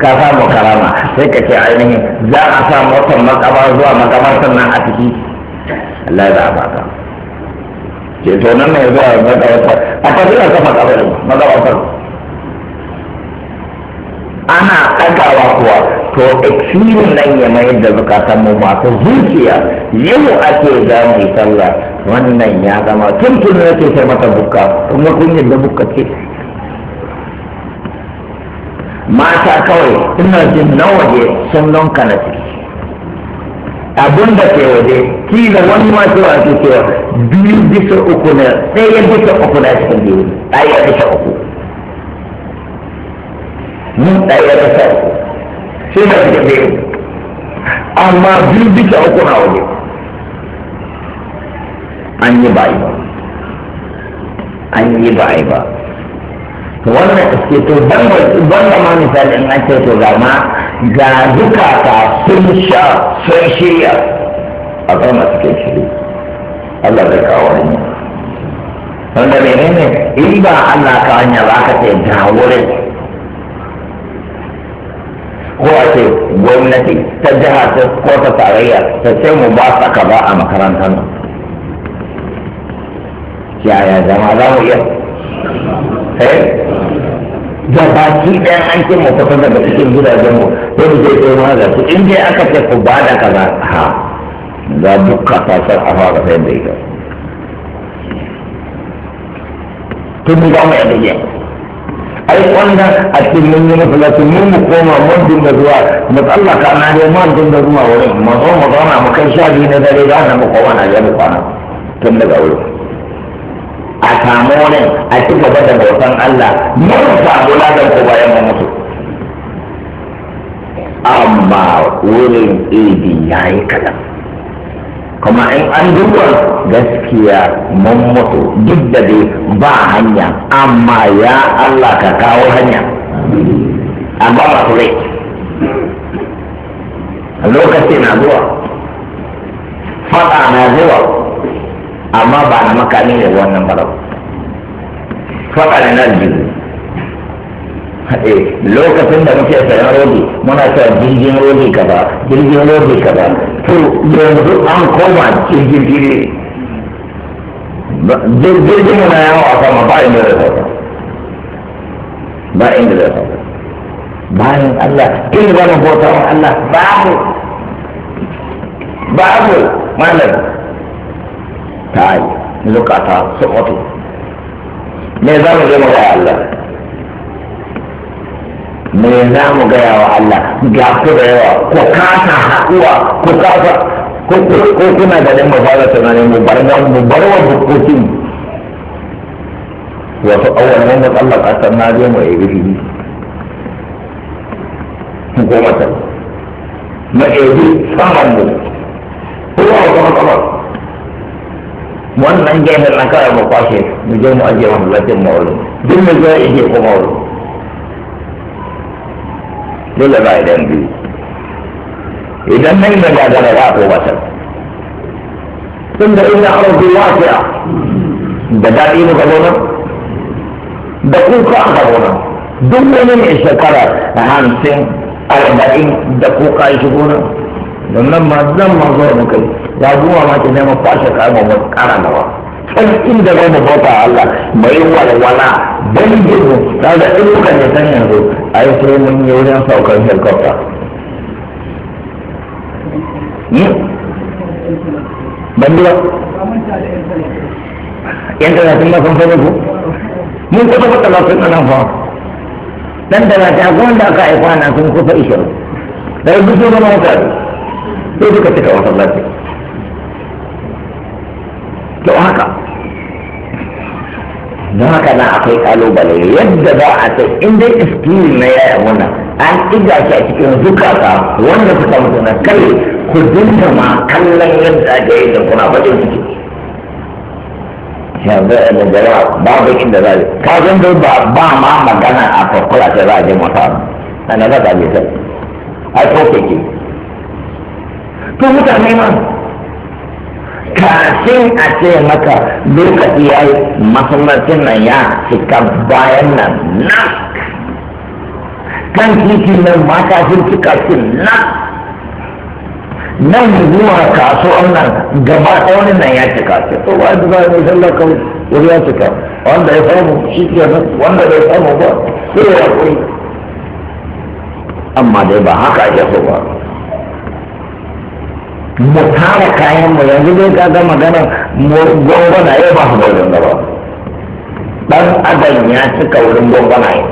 ka samu karama sai ka ce ainihin za a samu motar makama zuwa makamar sannan a ciki Allah ya a ka? ke to nan ne zuwa makabarta a tafiyar kafa kabarin makabartar ana ɗagawa kuwa to iksirin nan ya mayar da zukatan mu masu zuciya yau ake za mu yi sallah wannan ya zama tun tun ne ke sai mata bukka kuma kun yadda bukka ce mata kawai ina jin na waje sun nonka na ciki abin da ke waje kila wani ma cewa ke cewa biyu bisa uku na ɗaya bisa uku na cikin biyu ɗaya bisa uku mun ɗaya bisa uku sai da suka biyu amma biyu duka uku na waje an yi ba'i ba an yi ba'i ba wannan iske to ban da ma misali in an ce to ga ma ga zukata sun sha sun shirya a zama cikin shiri Allah zai kawo hanya wanda menene in ba Allah ka hanya ba ka ce ga wurin ko a ce gwamnati ta jiha ta ko ta tarayya ta ce mu ba sa ka ba a makarantar nan yaya zama za mu iya eh da baki ɗaya an ce mu fitar daga cikin gidajen mu ko wani zai kai ma da su in dai aka ce ku ba da kaza ha za dukka fasar a fara sayar da ita tun da mu yadda ai wanda a cikin mun yi masallaci mu mu koma mun dinga zuwa mu na ne mun da zuwa wurin mu zo mu zauna mu kai sha biyu na dare da na mu koma na je mu kwana tun daga wurin a samu wani a ci gaba da bautan Allah mun samu da ko bayan mun mutu amma wurin idi yayi kadan kuma in an duba gaskiya mun mutu duk da dai ba hanya amma ya Allah ka kawo hanya amma ba su rai lokaci na zuwa Faɗa na zuwa amma ba na makami ne wannan barau Faɗa na jiru Eh, lokacin da muke sayan rodi muna sa jirgin rodi kaza jirgin rodi kaza to yanzu an koma jirgin fili jirgin na yawa a sama ba inda zai sauka ba inda zai sauka bayan Allah in ba mu bauta wa Allah babu babu malam ta yi zukata su mutu me za mu je mu ga Allah me za mu gaya wa Allah ga ku da yawa ku kasa haɗuwa ku kasa ko kuna ganin mu fara tunanin mu bar nan mu bar wa bukokin wato awal nan da Allah ka san na je mu yi biri mu goma ta mu ebi saman mu kuma kuma kuma wannan gefen na kawai mu kwashe mu je mu aje wa lafiyar maulin duk mu je ya je ko mawlu dole ba idan biyu idan nan da gagara za a koma can tun da ina arzu wasiya da daɗi muka zo nan da kuka a zo nan duk wani mai shekara hamsin arba'in da kuka ya shigo nan don nan ma zan ma zo da kai ya zuwa ma ke nema kwashe kayan mu ƙara nawa. kan inda za mu bauta Allah bai walwala bai gizo ta da ɗauka ne san yanzu a yi sai mun yi wurin saukar helikopta. Hmm? Banduwa? Yan talatin sun sun kusa ishirin. duk sun zama Sai duka cika wasan lafiya. to haka don haka na akwai kalubale yadda za a ce in dai iskiri na yaya muna an iga shi a cikin zukata wanda suka mutu na kai ku dinga ma kallon yadda ake yi da kuna bakin ciki yanzu da najeriya babu inda za a ka zan dai ba ma magana a farkula sai za a je mota a na za a je sai a tsoke ke to mutane ma kafin a ce maka lokaci ya masallacin nan ya cika bayan nan na kan titi nan ma kafin cika shi na nan zuwa kasuwan nan gaba tsawon nan ya cika shi to ba da zai sallah kawai wuri ya cika wanda ya samu shi ke nan wanda bai samu ba sai ya kai amma dai ba haka ya so ba mu tara kayan mu yanzu dai ka ga magana mu gwangwana ya ba su gwangwan da ba dan adam ya cika wurin gwangwana ya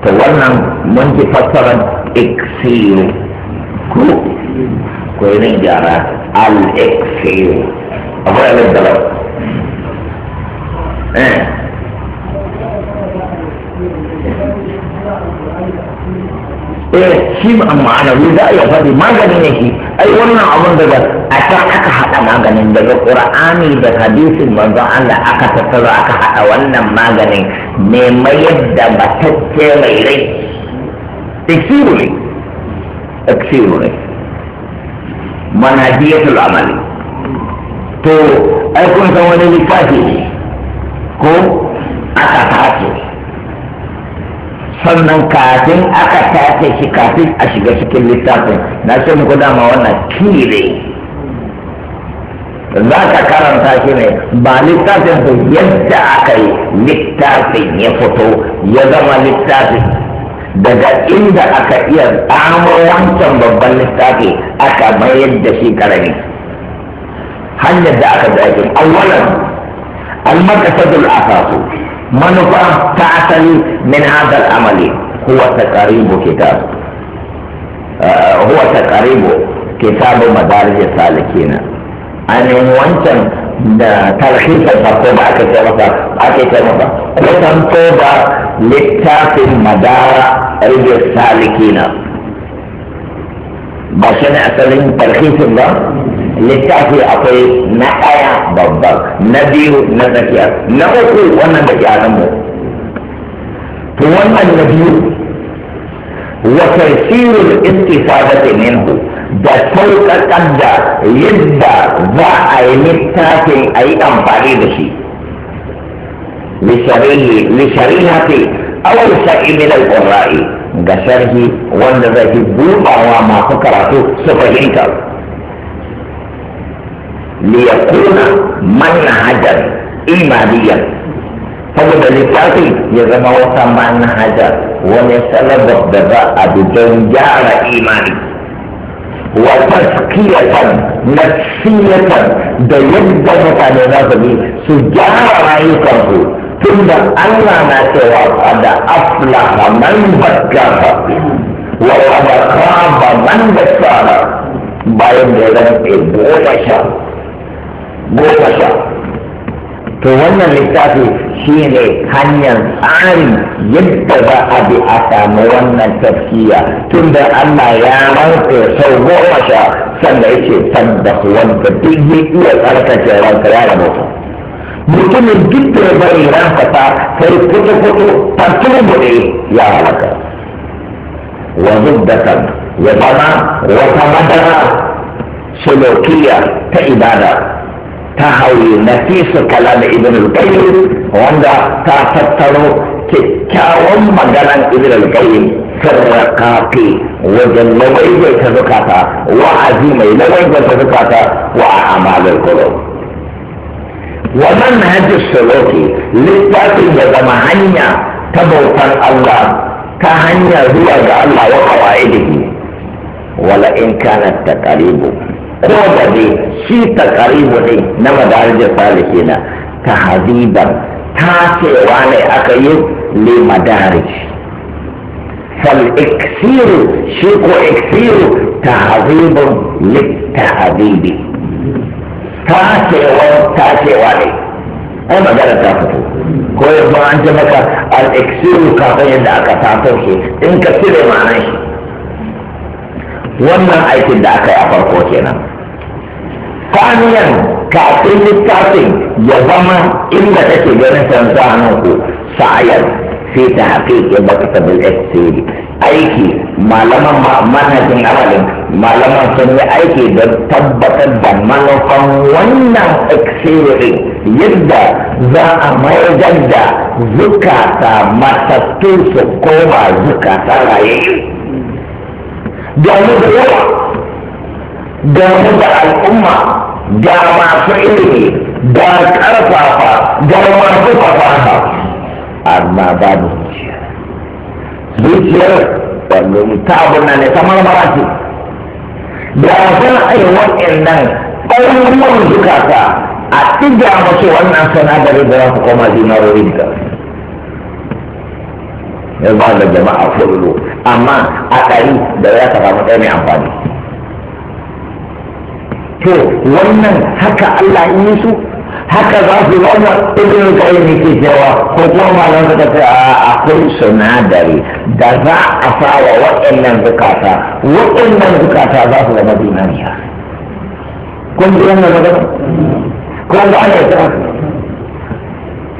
to wannan mun ji fassarar iksiru ko ko yanayin gyara al-iksiru akwai alin dalar eh eh shi ma'anawi za a yi faɗi magani ne shi ai wannan abun daga a can aka haɗa maganin daga ƙur'ani da hadisin manzon Allah aka tattara aka haɗa wannan maganin mai mayar da batacce mai rai iksiru ne iksiru ne manajiyatul amali to ai kun san wani littafi ne ko aka tace sannan kafin aka tace shi kafin a shiga cikin littafin na ce muku dama wannan kire za ka karanta shi ne ba littafin su yadda aka yi littafin ya fito ya zama littafin daga inda aka iya tsamo wancan babban littafi aka mayar da shi karami hanyar da aka zaɓi awalan al asasu manufa ta asali min hadal amali huwa taqaribu kitab huwa taqaribu kitabu madarij salikina ainihin wancan da tarhisar ba ko ba aka ce masa ake ce masa kusan ko ba littafin madara rijis salikina ba shi ne asalin tarhisar ba littafi akwai na ɗaya babban na biyu na tsakiya na uku wannan da ke mu to wannan na biyu wata tafsirul istifadati minhu da sauƙaƙar da yadda za a yi littafin a yi amfani da shi ce awon sha'i من القراء ga sharhi wanda zai fi buɗawa masu karatu su fahimta liyakuna manhajan imaniyan saboda littafi ya zama wata manhaja wani salabar da za a bi don gyara imani wa taskiyatan da yadda mutane za su bi su gyara rayukansu tunda Allah na cewa kada aflaha man zakkaha wa kada khaba man dassara bayan da ya zama ɗaya sha goma sha to wannan littafi shi ne hanyar tsarin yadda za a bi a samu wannan tafkiya tun da Allah ya rantsa sau goma sha sannan yake sanda wanda duk ya iya tsarkake ranka ya mutumin duk da ya bari ranka ta kai kuto-kuto ta ya halaka wa zubdatan ya wata madara sulukiya ta ibada تهوي نفيس كلام ابن القيم وندا تتترو كاوم مغانا ابن القيم فرقاقي وجن نويجة تذكاتا وعزيمة نويجة تذكاتا وعمال القلوب ومن هذه السلوك للتاتي جزم هنيا تبوتن الله كهنيا هو الله وقوائده ولئن كانت تقريبه ko da shi ta karibu ne na madarajar na ta hadiban tasewa ne aka yi le madarij fal iksiru shi ko iksiru ta le ta hadibi tasewa tasewa ne ai magana ta fito ko yanzu an ji maka al iksiru kafin yadda aka tatar shi in ka cire ma'anar shi wannan aikin da aka yi a farko kenan kwanan kafin littafin ya zama inda kake ganin canza nan ko sa'ayar sai ta ya baka ɗaya aiki malaman manajin alalin malaman sun yi aiki da tabbatar da manufan wannan ɗaya yadda za a mayar da zukata matattu su koma zukata raye domin da yawa domin da al'umma ga masu ini ga apa ga masu fasaha amma babu zuciya zuciyar wallon tabuna ne sama lagi da sun endang, nan ɗaruruwan zukata a ɗiga masu wannan sanadari da za su koma zinarorin da ya ba da jama'a fululu amma a ɗari da to wannan haka Allah in yi su haka za su zama ibn qayyim ke cewa ko kuma malam suka ce akwai sunadari da za a sawa waɗannan zukata waɗannan zukata za su zama dinaniya kun ji wannan magana kun ga ana ta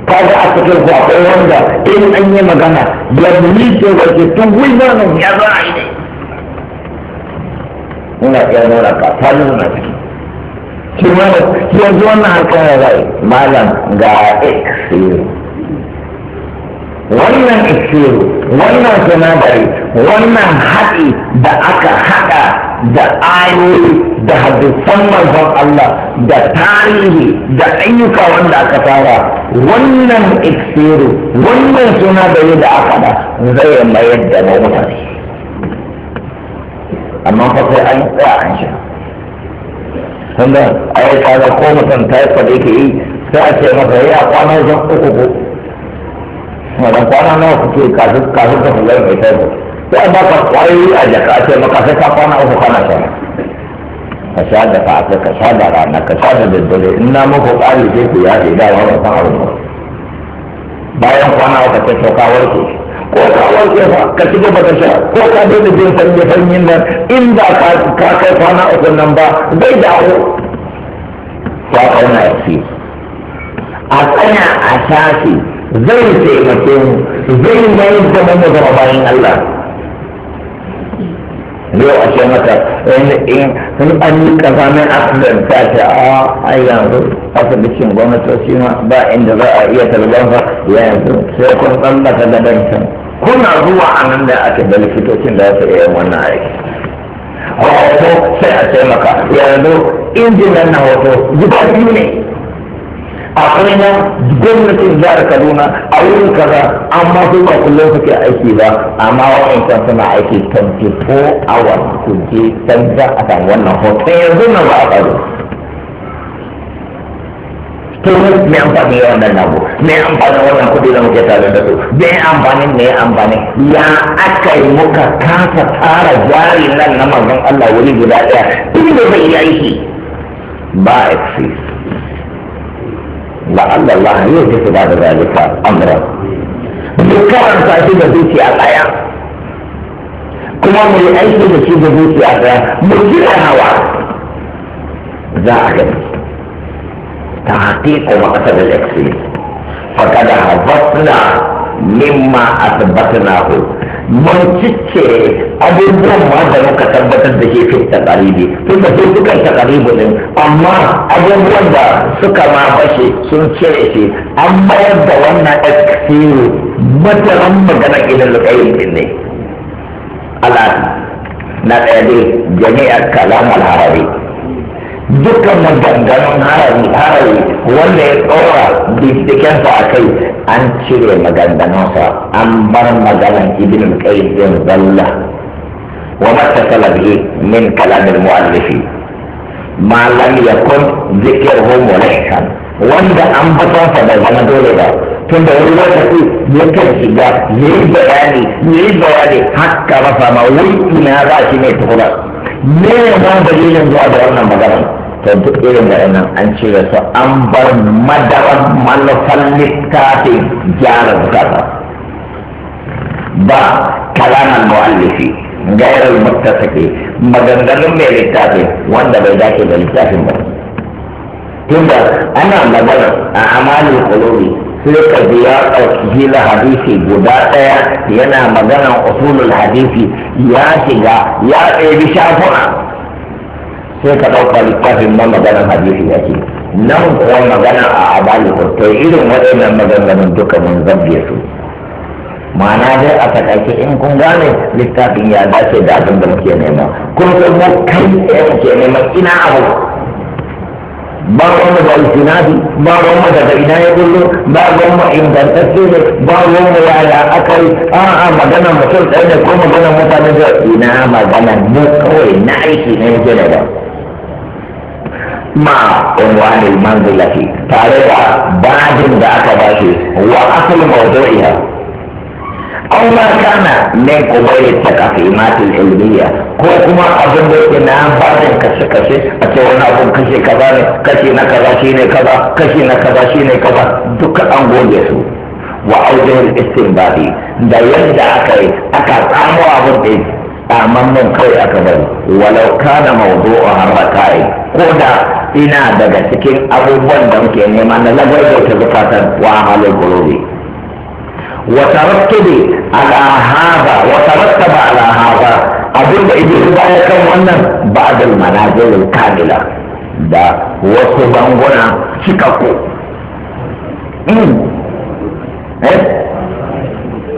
kaga a cikin ku akwai wanda in an yi magana ya miƙe waje tun wuyi ya za a yi ne muna iya nuna ka ta nuna ciki shi malam shi yanzu wannan harkar ya zai malam ga iksiru wannan iksiru wannan sinadari wannan haɗi da aka haɗa da ayoyi da hadisan manzon Allah da tarihi da ayyuka wanda aka fara wannan iksiru wannan sinadari da aka da zai mayar da mutane amma fa sai an yi an tunda ai kaga ko mutum typhoid yake yi sai a ce masa ya kwana zan uku ko madan kwana nawa kuke kafin kafin ka kula mai typhoid sai a baka kwayoyi a jaka a ce maka sai ka kwana uku kwana shan ka sha da safe ka sha da rana ka sha da daddare in na muku ƙari sai ku yaje da wani san abu bayan kwana uku sai ka warke ko ka wanke ka ci gaba da sha ko ka daina jin sanye sanyin nan in ba ka kai kwana uku nan ba zai dawo ko kauna ya ci a tsaya a shafi zai taimake mu zai mai da mu zama bayan Allah yau a ce mata in an yi kazamin asibitin ta ce a ah, a yanzu asibitin gwamnatoci ma ba inda za a iya ya yanzu sai kun tsallaka dan can kuna zuwa a nan da aka da likitocin da su iya wannan aiki hoto sai a taimaka yanzu injinan na hoto guda biyu ne a kuma gwamnatin jihar kaduna a wurin kaza ma su ba kullum suke aiki ba amma wa'ancan suna aiki 24 hours kuje canza a kan wannan hoto yanzu na ba a tsaro sauran mai amfani ya wannan namu mai amfani wannan kudi da muke tare da su mai amfani mai amfani ya aka yi muka kasa tara jari nan na manzon Allah wuri guda ɗaya da bai yi aiki ba eksi ba Allah Allah ya ke su ba da zalika amra dukkan sa shi da zuciya tsaya kuma mu yi aiki da shi da zuciya tsaya mu kira hawa za a gani تحقيق مقصد الاكسير فقد a مما اثبتناه mun cice abubuwan ma da muka tabbatar da shi fi takaribi tun da sun duka takaribi ne amma abubuwan da suka ma bashi sun cire shi an mayar da wannan ekstiri mataran magana idan lukayin din ne ala na jami'ar kalam al dukkan maganganun harari wanda ya tsora bincikensa a kai an cire maganganunsa an bar maganan ibn qayyim din zalla wa matasala bihi min kalam al-mu'allifi ma lam yakun dhikruhu mulahkan wanda an batonsa da zama dole ba tun da wani lokaci ya kan shiga ya yi bayani ya yi bayani hakka masa ma wai ina za shi ne tukura me ya yin dalilin zuwa da wannan maganar to duk irin wa'annan an cire su an bar madarar manufan littafin gyara zukata ba kalanan mu'allifi gairar take maganganun mai littafi wanda bai dace da littafin ba tunda ana magana a amalin kulobi sai ka ya ɗauki hadisi guda ɗaya yana maganan usulul hadisi ya shiga ya ɗebi shafuna sai ka ɗauka littafin ma maganar hadisi yake nan kuwa magana a abalikun to irin waɗannan maganganun duka mun zabge su ma'ana dai a takaice in kun gane littafin ya dace da abin da muke nema kun san mu kai tsaye muke nema ina abu ba ruwanmu da istinafi ba ruwanmu daga ina ya kullu ba ruwanmu ingantacce ne ba ruwanmu yaya aka yi a'a magana mutum ɗaya ne ko magana mutane da ina magana mu kawai na aiki ne yake da ma unwanil manzilati tare da babin da aka bashi wa asali mawdu'iha aw ma kana min qubayl taqafimat al-ilmiya ko kuma abin da yake na babin kashe kashe a ce wani abin kashe kaza ne kashe na kaza shine kaza kashe na kaza shine kaza duka an goge su wa aujihul istinbadi da yadda aka yi aka tsamo abin da tsamammen kawai aka bari walau kana mawdu'u haraka'i ko da ina daga cikin abubuwan da muke nema na lagwaiwata zukatan wa halin gurubi وترتب على هذا وترتب على هذا abin da ibi baya kan wannan ba da manazilul kamila da wasu banguna cikakku hmm. eh?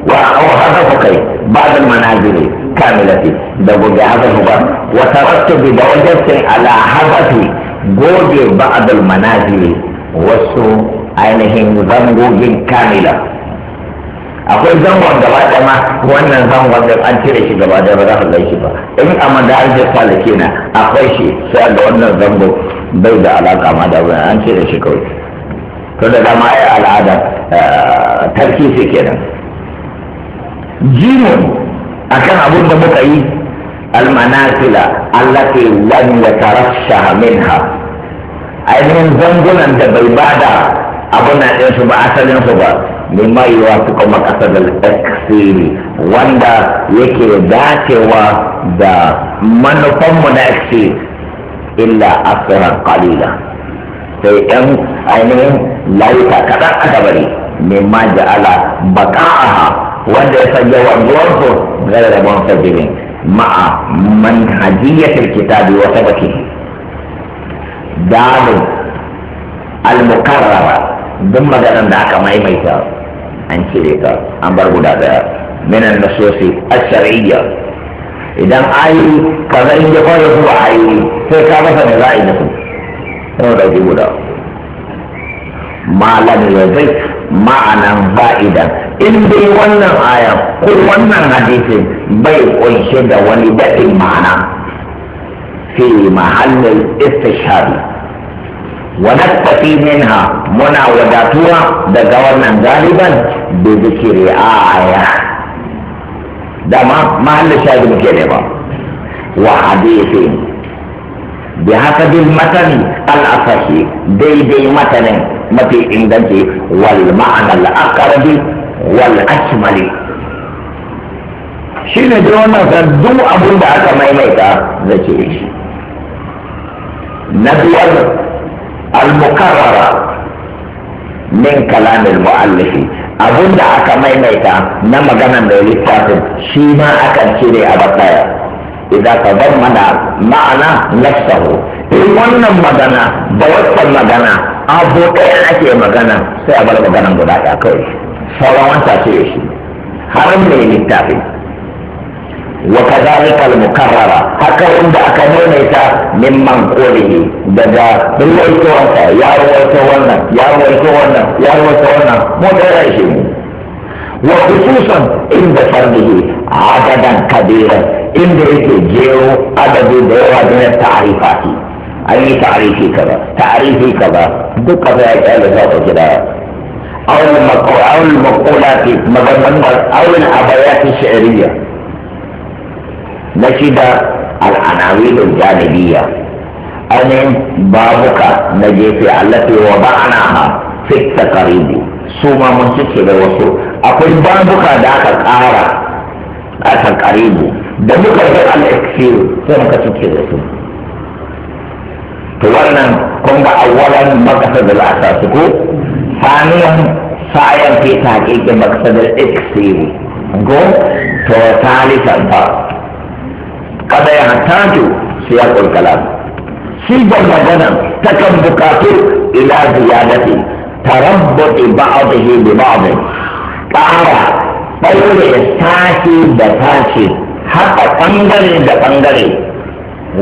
wa aw hadafu kai ba da manazili kamilati da gobe hadafu ba wa tarattabi da wajen ala hadati goge ba'adul manazili wasu ainihin zangogin kamila akwai zangon gaba ɗaya ma wannan zangon da an cire shi gaba ɗaya ba za ka gan shi ba in a madarijin kwanaki na akwai shi sai ga wannan zango bai da alaƙa ma da wani an cire shi kawai to da dama ya al'ada eh, tarki sai kenan jimin akan abun da muka yi المنازل التي لم يترشح منها ainihin zangunan da bai bada abin nan su ba asalin su ba ne mai yiwa kuma ƙasa da ekstiri wanda yake dacewa da manufanmu na ekstiri illa asirar kalila sai yan ainihin layuka kaɗan adabari ne ma ja'ala baka'aha wanda ya sanya wa ruwansu da rabon sabbinin Ma'a manhaji ya firgita biyu a sabbin. Da mu almukarraba duk da aka maimaita an cire ta, an bar guda ɗaya. Minan na sosei asarai Idan ayi ba zan iya fara zuwa ayi sai ka fasa da za a iya sun. Yana daidai guda. Malami zai zai ma'ana ba'ida. In ɗin wannan aya ko wannan hadisin bai kunshe da المعنى في محل الاستشهاد mahallin ونكتفي منها منا وداتوها دقورنا غالبا بذكر آية ده ما محل اللي شاهد وحديث بهكذا المتن الأساسي دي دي متن متي إنجنتي والمعنى الأقرب والأكمل shi ne dai wannan duk abin da aka maimaita na ke shi na biyar al-mukarrara min kalamin mu'allifi abin da aka maimaita na maganan da littafin shi ma akan cire a bakaya idan ka bar mana ma'ana nafsahu in wannan magana da wannan magana abokai ake magana sai a bar maganan guda ɗaya kawai sauran wanta ce shi har mai littafi. wa kazalika al-mukarrara haka inda aka nuna ta mimman kulihi daga ruwaitowar ta ya ruwaito wannan ya ruwaito wannan ya ruwaito wannan mu da ya shi mu wa khususan inda fardihi adadan kabira inda yake jero adadi da yawa da ta'rifati an yi ta'rifi kaza ta'rifi kaza duka sai ya kalle ta ɗauki da aul maqulati maganganar aul abayati shi'riyya na shida al'anawilul janibiya ainihin babuka na gefe allafi wa ha fita karibu. su ma mun cike da wasu akwai babuka da aka kara a karibu. da muka yi al'aksir sai muka cike da su to wannan kun ga awalan makasar da za a sa ko saniyan sayan fi taƙiƙin makasar da iksiri go to talisan ba kada ya ya siyaqul kalam sigar magana takan bukatu ila ziyadati tarabbu ba'dihi bi ba'd ƙara ɓaure sashi da sashi haka ɓangare da ɓangare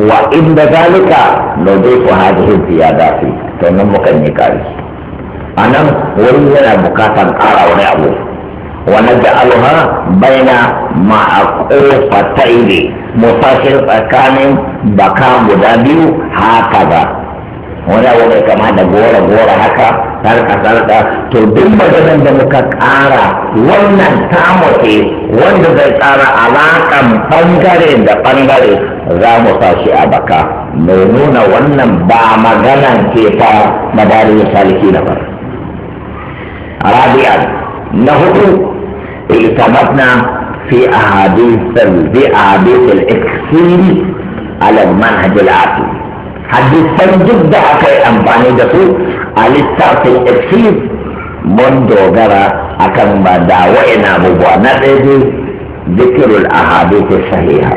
wa inda zalika nudifu hadhihi ziyadati to nan mukan yi kari anan wurin yana bukatan ƙara wani abu ونجعلها بين معقوفتين مسافر مكان بكام ودابيو هكذا wani abu mai kama da gora gora haka sarka sarka to duk maganin da muka ƙara wannan tamote wanda zai tsara alaƙan ɓangare da ɓangare, za mu sa a baka mai nuna wannan ba maganan ke ta madari saliki na ba rabi'an na hudu التمسنا في أحاديث في أحاديث الإكسير على المنهج العقلي سن جدا أكي أمباني دسو على الترس الإكسير منذ غرى أكم بداوئنا مبوانا ذكر الأحاديث الصحيحة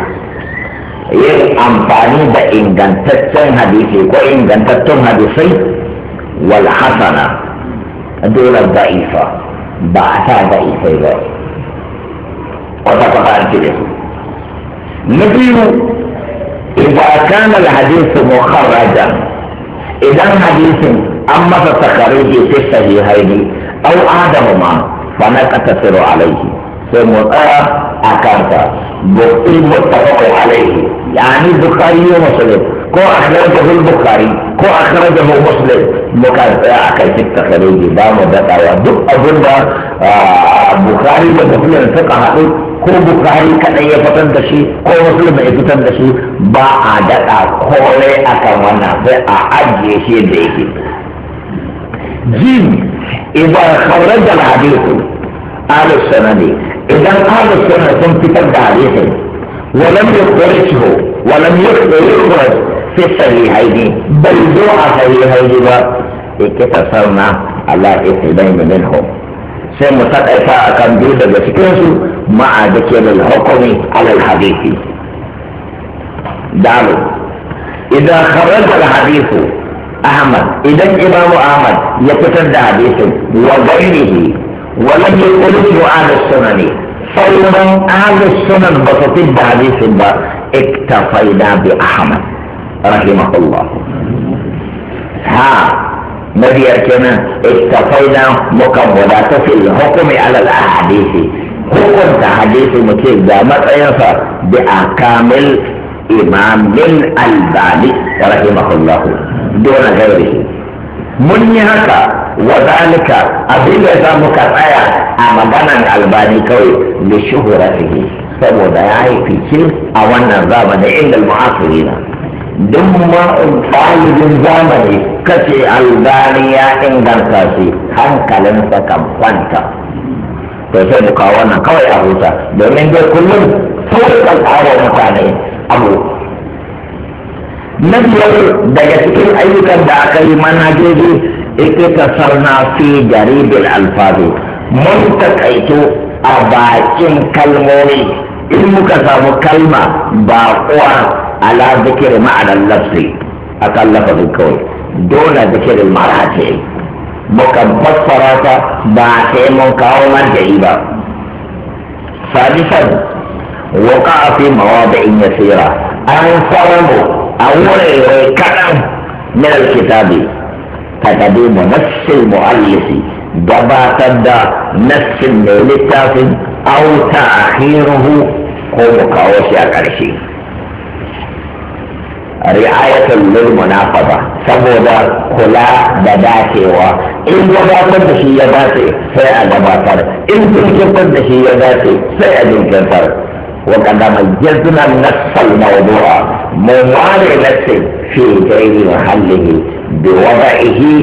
يل إيه امباني دا ingantaccen hadisi حديثي كو hadisai wal حديثي والحسنه دولة ضعيفه بعثا ضعيفه da'ifai وتقطعت اليهود نقول إذا كان الحديث مخرجا إذا حديث أما تتخرج في الصحيحين أو آدمهما فما تقتصر عليه ثم آه، أكرت بقي متفق عليه يعني بخاري ومسلم كو أخرجه البخاري كو أخرجه مسلم مكاتب آه، أكيد تخرج دام ودقا ودق آه، بخاري ومسلم فقه ko bukari kaɗai ya fitar da shi ko wasu ya fitar da shi ba a daɗa kore a kan wannan sai a ajiye shi da yake jin idan kaurar da hadisu alisana ne idan alisana sun fitar da hadisin walam yukhrijuhu walam yukhrij fi haini bai zo a sari haini ba iktasarna ala ihdain ho sai mu a kan biyu daga cikinsu مع ذكر الحكم على الحديث دعوا إذا خرج الحديث أحمد إذا الإمام أحمد يتكلم حديث وغيره ولم يقل ابن أهل السنن فإذا أهل السنن بتطب حديث اكتفينا بأحمد رحمه الله ها نبي اكتفينا مكملات في الحكم على الأحاديث kowanne hadisi muke ga matsayinsa bi akamil imamin albani rahimahullahu dole gairi mun yi haka wa zalika abin da za muka tsaya a maganan albani kawai da shuhuratihi saboda ya yi fice a wannan zamani inda mu'asirina duk ɗalibin zamani kace albani ya inganta shi hankalinsa kan kwanta to sai mu kawo wannan kawai a domin dai kullum sauƙaƙa tsawon mutane abu na biyar daga cikin ayyukan da aka yi jeji ita ta sarna fi jaribin alfazo mun kaito a bakin kalmomi in muka samu kalma ba kuwa ala zikir ma'anar lafsi a kan lafazin kawai dole zikirin mara ce baka fassara ta ba sai mun kawo yi ba sadisan waka a fi ya tsira. an samu a wurare kaɗan min alkitabi mu nassil mu'allifi gabatar da nassin mai littafin a ta'khiruhu ko mu kawo shi a ƙarshe ri'ayatul na munafaba saboda kula da dacewa in gabatar da shi ya dace sai a gabatar in jinkirtar da shi ya dace sai a jinkirtar wa kadama jazna nafsal mawdu'a mawari nafsi fi gairi muhallihi bi wada'ihi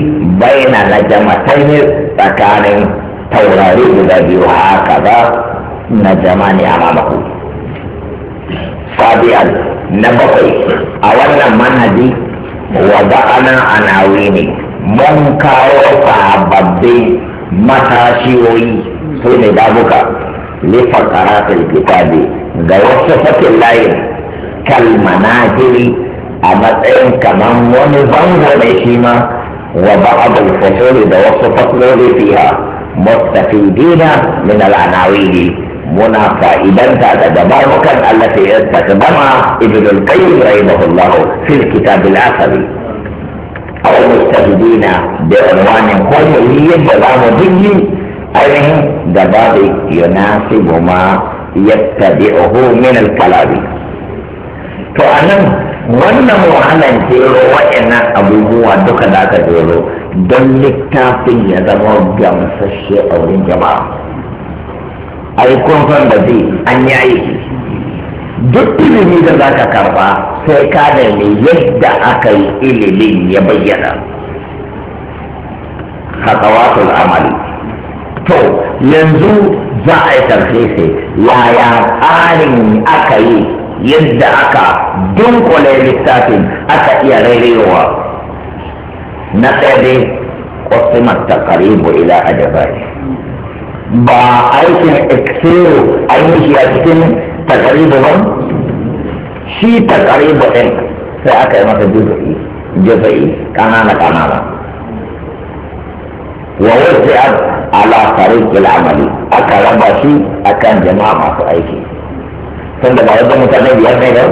baina na jama'atayni tsakanin taurari guda biyu haka ba na jama'ani a mamaku fabi'al na bakwai a wannan manhaji wa ba'ana anawi ne mun kawo sababbin matashiyoyi su ne babuka lifa karatul kitabi ga wasu sakin layin kalmanajiri a matsayin kamar wani bango ne shi ma wa fasoli da wasu fasloli fiha mustafidina min al'anawi muna fa'idanta da barnukan Allah ta yadda ta zama ibn al-qayyim rahimahullah fil kitab al-asali aw mustahidina bi unwanin da za mu dingi ainihin da babu yunasibu ma yattabi'uhu min al to anan wannan wahalan jero wa'annan abubuwa duka da aka jero don littafin ya zama gamsashe a wurin jama'a a yi kwanfan da zai an yayi duk ilimi da za ka karba sai ka da yadda aka yi ilimin ya bayyana hakawatul amali to yanzu za a yi sai yaya tsarin aka yi yadda aka dunkule littafin aka iya rairewa na ɗaya dai ta takaribu ila ajabari ba aikin eksero a yi shi a cikin takaribu ba shi takaribu ɗin sai aka yi masa juza'i juza'i kanana kanana wa ya ala ke amali aka raba shi akan jama'a masu aiki da ba yadda mutane biyar ne ga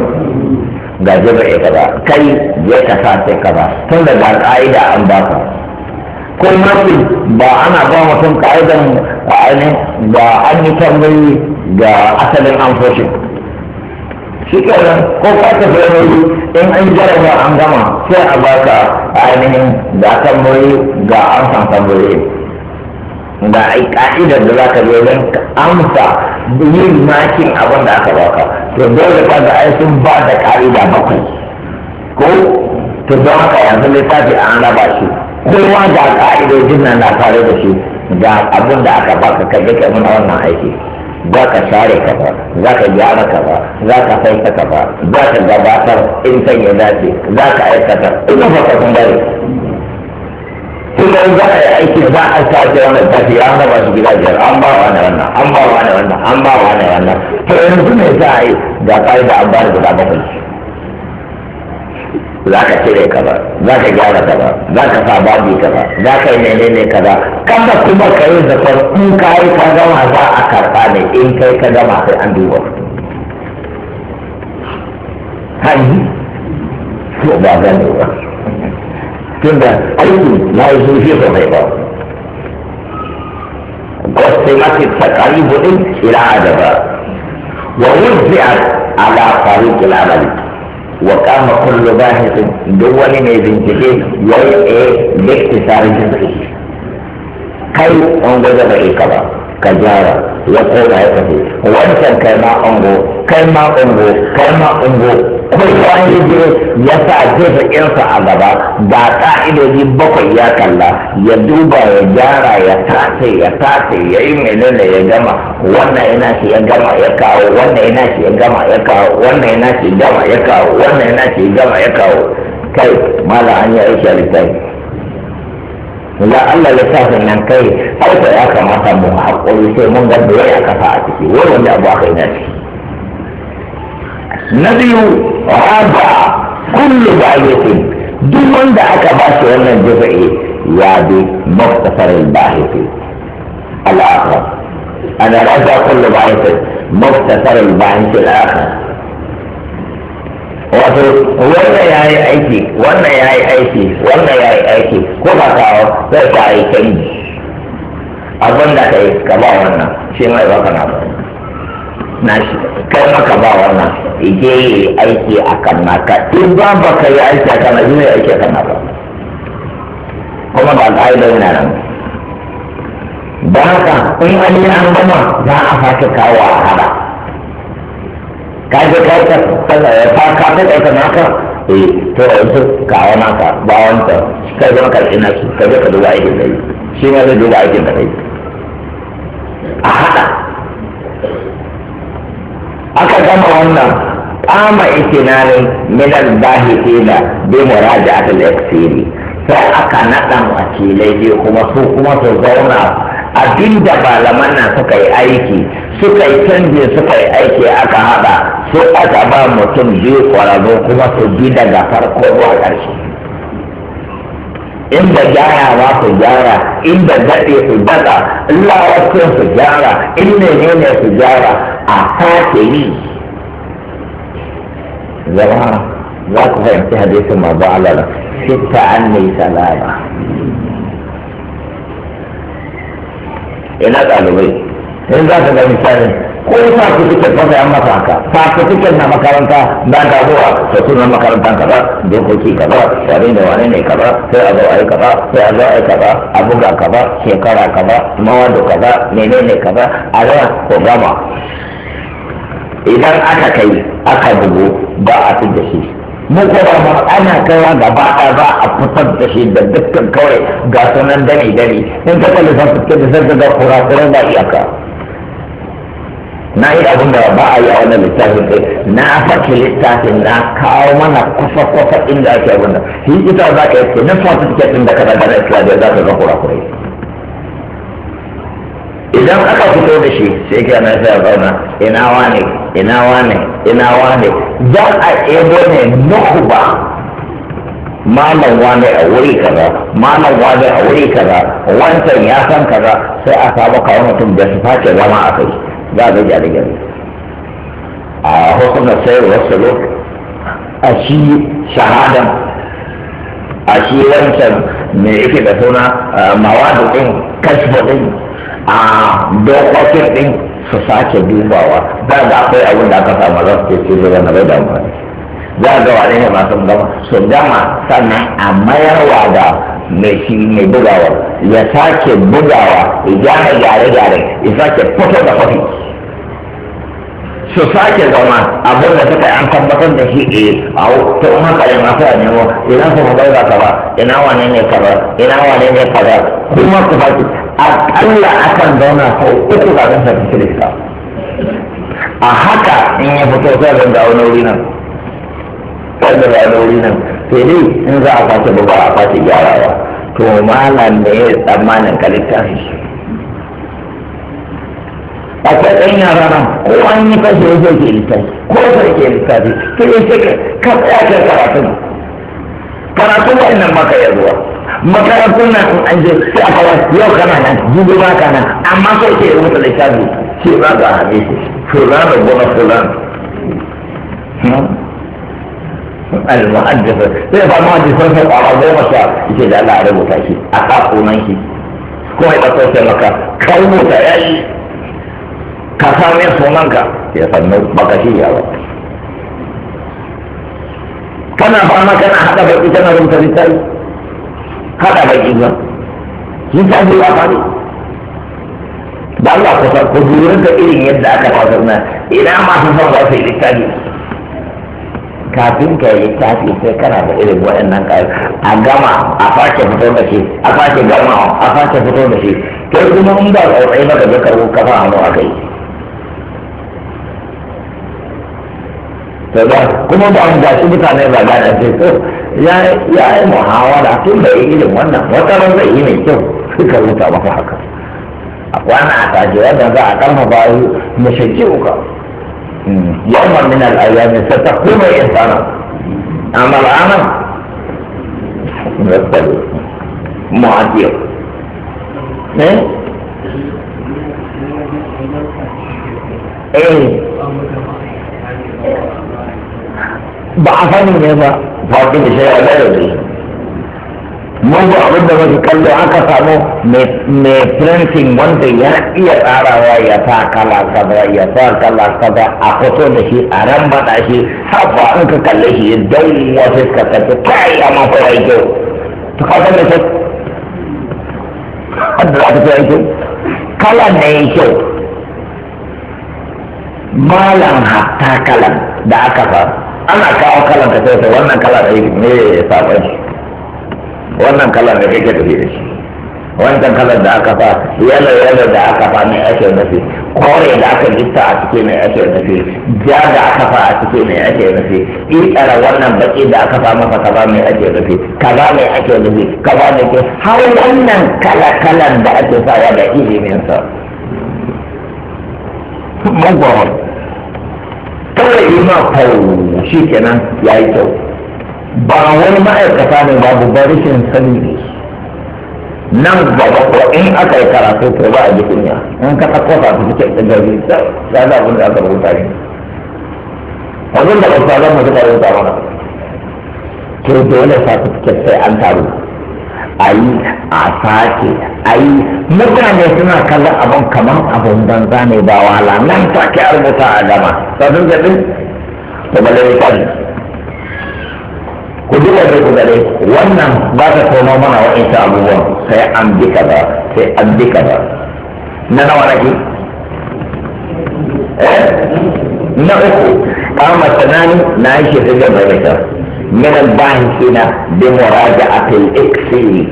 ga juza'i kaza kai ya kasa sai kaza da ba ka'ida an ka, ko mafi ba ana ba mutum ka'idan ainihin ga an yi tambayi ga asalin amfoshin shi kenan ko ka ta wani in an jaraba an gama sai a baka ainihin ga tambayi ga amsan tambayi ga ka'idar da za ka zo don amsa yin makin abin da aka baka to dole ka ga ai sun ba da ka'ida bakwai ko to don haka yanzu ne littafi an raba shi kowa da ka'idojin nan na tare da shi da abun da aka baka ka je kai muna wannan aiki za ka share ka ba za ka gyara ka ba za ka faita ka ba za ka gabatar in san ya dace za ka aikata ina ba ka kun bari kuma in za a yi aiki za a sace wannan tafi an ba su gida biyar an ba wa wannan an ba wa wannan an ba wa wannan to yanzu ne za a yi ga ƙa'ida an ba da guda bakwai za ka cire kaza za ka gyara kaza za ka sa babi kaza za ka yi ne kaza kada kuma ka yi zafar in ka yi ka gama za a karɓa ne in kai ka gama sai an duba hanyi ko ba gane ba da aiki na yi zurfi sosai ba قسمت التقاريب إلى عدد ووزعت على طريق العمل wa kama kullu bahisin duk wani mai bincike ya eh, yi tsaye liktisarin jinsi kai an gwada ba ka ba ka gyara ya koma ya tafi wancan kai ma ungo kai ma ungo kai ma ungo kwaikwayon jire ya sa jirginsa a gaba ga ka'idoji bakwai ya kalla ya duba ya gyara ya tace ya tace ya yi menene ya gama wannan yana shi ya gama ya kawo wannan yana shi ya gama ya kawo wannan yana shi ya gama ya kawo wannan yana shi ya gama ya kawo kai mala an yi aisha littafi la Allah ya sa nan kai aiko ya kamata mu haƙuri sai mun ga da ya kasa a ciki wani abu aka yi na ciki na biyu raba kullu bahisin duk wanda aka ba shi wannan jaza'i ya bi maftasarin bahisin al'akar ana raba kullu bahisin maftasarin bahisin al'akar wato wannan ya yi aiki wannan ya yi aiki wannan ya yi aiki ko ba kawo zai ka yi kai abin da ka yi ka ba wannan shi mai ka na ba nashi kai maka ba wannan ije yi aiki a kan naka in ba ba ka yi aiki a kan naka zai aiki a kan naka kuma ba ka al'adar yana nan ba ka in an yi an gama za a sake kawo a hada ka je ka ka ka ka ka ta naka eh to yanzu kawo naka ba wanta kai zama karfi na nasu ka je ka duba aikin da yi shi ne zai duba aikin da yi gama wannan kama itinani min al-bahithina bi muraja'at al-iksiri sai aka naɗa wakilai ne kuma su kuma su zauna abinda malaman nan suka yi aiki suka yi canji suka yi aiki aka haɗa su aka ba mutum biyu kwararru kuma su bi daga farko zuwa ƙarshe inda ba su gyara in inda daɗe su daɗa in lawar su gyara in ne ne su gyara a sake yi zama za ku fahimci hadisin ma ba alala sitta an ne salama ina ɗalibai in za ka ga misali ko sa ku suke sai an masa haka sa ku tiket na makaranta ba ta zuwa da sunan makarantar ba dokoki ba tare da wane ne ba sai a zo a yi kaza sai a zo a yi kaza a buga kaza shekara ba mawado kaza menene ba a zama ko gama idan aka kai aka bugu ba a fi da shi ba ana kaiwa gaba a ba a fitar da shi da dukkan kawai ga sunan dani dani in ka kalli san fitar da sarka ga kurakuran ba iyaka na yi abin da ba a yi a wannan littafin sai na faki littafin na kawo mana kusa kusa inda ake abin da shi ita za ka yi na certificate din da ka daga na islamiyya za ka ga kurakurai idan aka fito da shi sai ke na sai zauna ina wane ina wane ina wane za a ebo ne ba. malam wane a wuri kaza malam wane a wuri kaza wancan ya san kaza sai a samu kawo mutum da su face zama a kai za a gaji a gari a hukumar wasu salo a shi shahadan a shi wancan me yake da suna mawadu din kashfa din a dokokin din su sake dubawa ba ga akwai abin da aka samu za su ce ce zai bai damuwa ne za ga wane ne masu gama su gama sannan a mayarwa da mai shi mai bugawa ya sake bugawa ya gyara gyare-gyare ya sake fito da kwafi su sake zama abin da suka an tabbatar da shi eh a ta umar haka ne masu a nemo ina su bai ba ka ba ina wane ne kaza ina wane ne kaza kuma ku sake akalla akan zauna sau uku kafin sa da ita a haka in ya fito sai zan dawo na wuri nan sai da wani wuri nan sai dai in za a kwace ba a gyara ba to malam ne ya tsammanin ka a akwai ɗan yara nan ko an yi fashe yake ke littafi ko sai ke littafi sai ya ce ka tsaya kai karatu karatu wa'annan maka ya zuwa makarantun nan in an je sai a kawai yau kana nan jibi ba ka nan amma sai ke yi mutu littafi ce ba ga hame shi fura da gona fura al-muhaddisa sai ba muhaddisa sai kwara goma sha yake da Allah ya rubuta shi a kakunan shi kuma ya ɗauko sai maka ka rubuta ya yi ka samu ya sunanka ya sannu baka shi ya ba kana fama kana haɗa baki kana rubuta littafi kada baki ba littafi ba ne ba Allah ku san ku juyar da irin yadda aka fasar na ina masu son za su yi littafi kafin ka yi littafi sai kana da irin waɗannan ƙari a gama a face fito da shi a face gama a face fito da shi kai kuma in ba tsautsayi ba ka je karɓo kafa hannu a kai ông già đại ba kuma da an gashi mutane ba da da ce to ya ya yi muhawara tun da yi irin wannan wata ran zai yi mai kyau suka rubuta maka haka a kwana a tashi wannan za a kama bayu mashaki uka yawman min al'ayyami satakuma insana amal amal rabbal mu'adiyar eh eh ba a sani ne ba faɗi da shaya da yau mun ba abin da muke kallo aka samu mai printing wanda ya iya tsarawa ya sa kala kaza ya sa kala kaza a fito da shi a ran bada shi har an ka kalle shi ya wasu ka ta kai a mafi aiki kyau kasar da shi a za ta fi kyau kala ne yayi kyau malam hatta kalan da aka samu ana kawo kalan ka sai wannan kala da yake me ya saba shi wannan kalan da kake tafi da shi wannan kalan da aka fa yalo yalo da aka fa mai ake fi, kore da aka jitta a ne mai ake fi, ja da aka fa a cike mai ake nufi tsara wannan baki da aka fa masa kaza mai ake fi, kaza mai ake fi, kaza ne ke har wannan kala kalan da ake sa ya da ilimin sa. wani. kawai yi ma kawo shi kenan ya yi kyau ba wani ma'aikata ne bu barishin sani ne nan gaba ko in aka yi karatu to ba a ji kunya in ka ta kofa su cikin tsagari ya za abin da aka rubuta ne wannan da ba su zama suka rubuta mana to dole sa su cikin sai an taru Ayi a sake ayi mutane suna kallon abin kamar abin banza ne ba wala nan take a rubuta a gama sabon jaɗin da bale kwari ku duba da ku gare wannan ba ta tono mana wa'insu abubuwan sai an bi ba sai an bi ba na nawa nake eh? na uku kama tsanani na yi shi da bai من البانكين بمراجعة الإكسير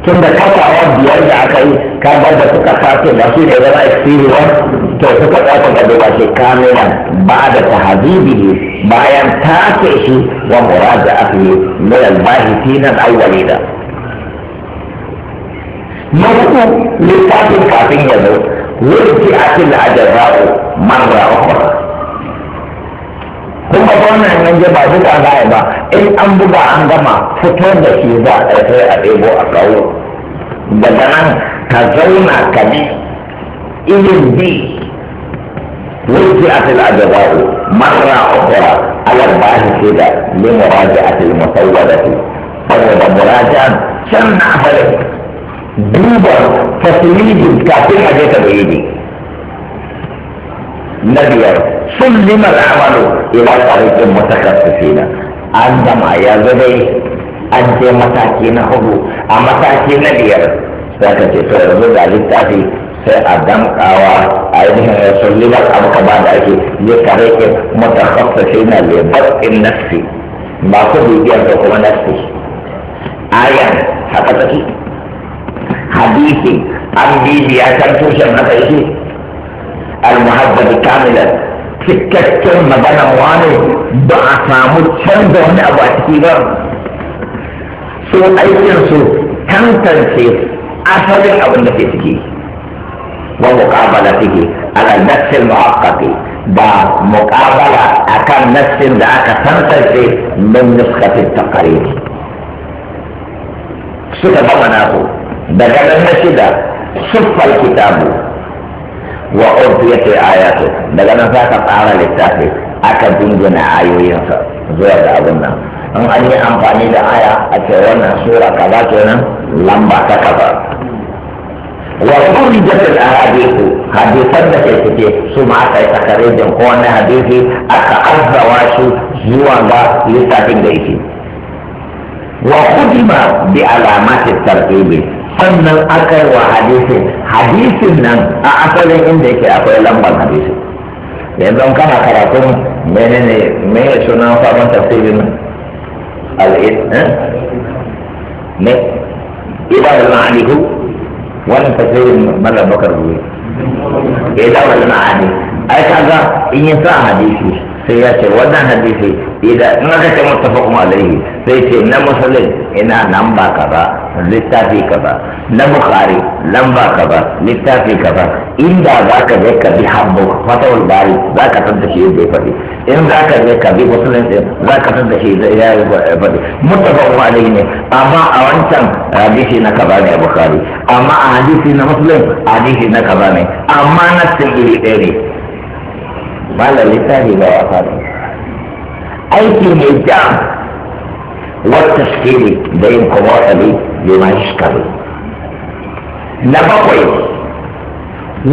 tun da kafawa biyar da aka yi ka bar da suka sace da su ne zama exterior to suka ɗauka da duba shi kamila ba da tahabibi bayan take shi wa muraja a fiye min albahiti nan awwali da na uku littafin kafin ya zo wurti a cikin ajiyar marra uku kuma wannan yan je ba duka gaya ba in an buga an gama fito da shi za a sai a ɗebo a kawo daga nan ka zauna ka bi ilin bi wuce a fil marra ukra alal bahi shi da li muraji'atil musawwadati saboda muraja can na fara duba tasiridin kafin a je ta bayyane na biyar سلم العمل الى طريق المتخصصين عندما يزدي أنت متاكين هدو متاكين بير ذاك تتعرض على التأتي سأدم قاوة أيضا سلم الأمر بعد أكي لطريق متخصصين لبطء النفس ما كل يجب نفسي آية حقتك حديثي عن بيبي عشان توشن نفسي المحبة كاملا cikakken magana wane ba a samu canza wani abu a ciki ba So su aikinsu tantance asalin abin da ke ciki wa muƙabala ciki ala nassin muhaqqaqi ba muƙabala akan nassin da aka tantance min nuskatin taqrir suka zama nasu daga nan na shida suffal kitabu wa aya ayatu daga nan za ka tsara littafi aka dingina ayoyinsa zuwa ga abin nan in an yi amfani da aya a ce wannan sura kaza kenan lamba ta kaza wa urijat al ahadithu hadisan da ke cike su ma aka yi takarejin ko wani hadisi aka arzawa su zuwa ga littafin da yake wa kudima bi alamatin tarbibi sannan aka yi wa hadisin hadisin nan a asalin inda yake akwai lambar hadisin yanzu kana karatun menene me ya suna faɗin tafsirin al'id ne ibadul ma'ani wani tafsirin mallam bakar ruwa ibadul ma'ani ai kaga in yi sa hadisi sai ya ce wannan hadisi idan in aka ce muttafaqun alaihi sai ce na muslim ina nan ba ba littafi ba na bukhari nan ba ba littafi ba inda za ka je ka bi habbu fatawul bari za ka san da shi da ya faɗi in za ka je ka bi muslim za ka san da shi da ya faɗi muttafaqun alaihi ne amma a wancan hadisi na kaza ne a bukhari amma a hadisi na muslim hadisi na kaza ne amma na iri ɗaya ne malar littafi ga wasa ne aiki mai ja wata skili da yin kuma watsali bai ma shikaru na bakwai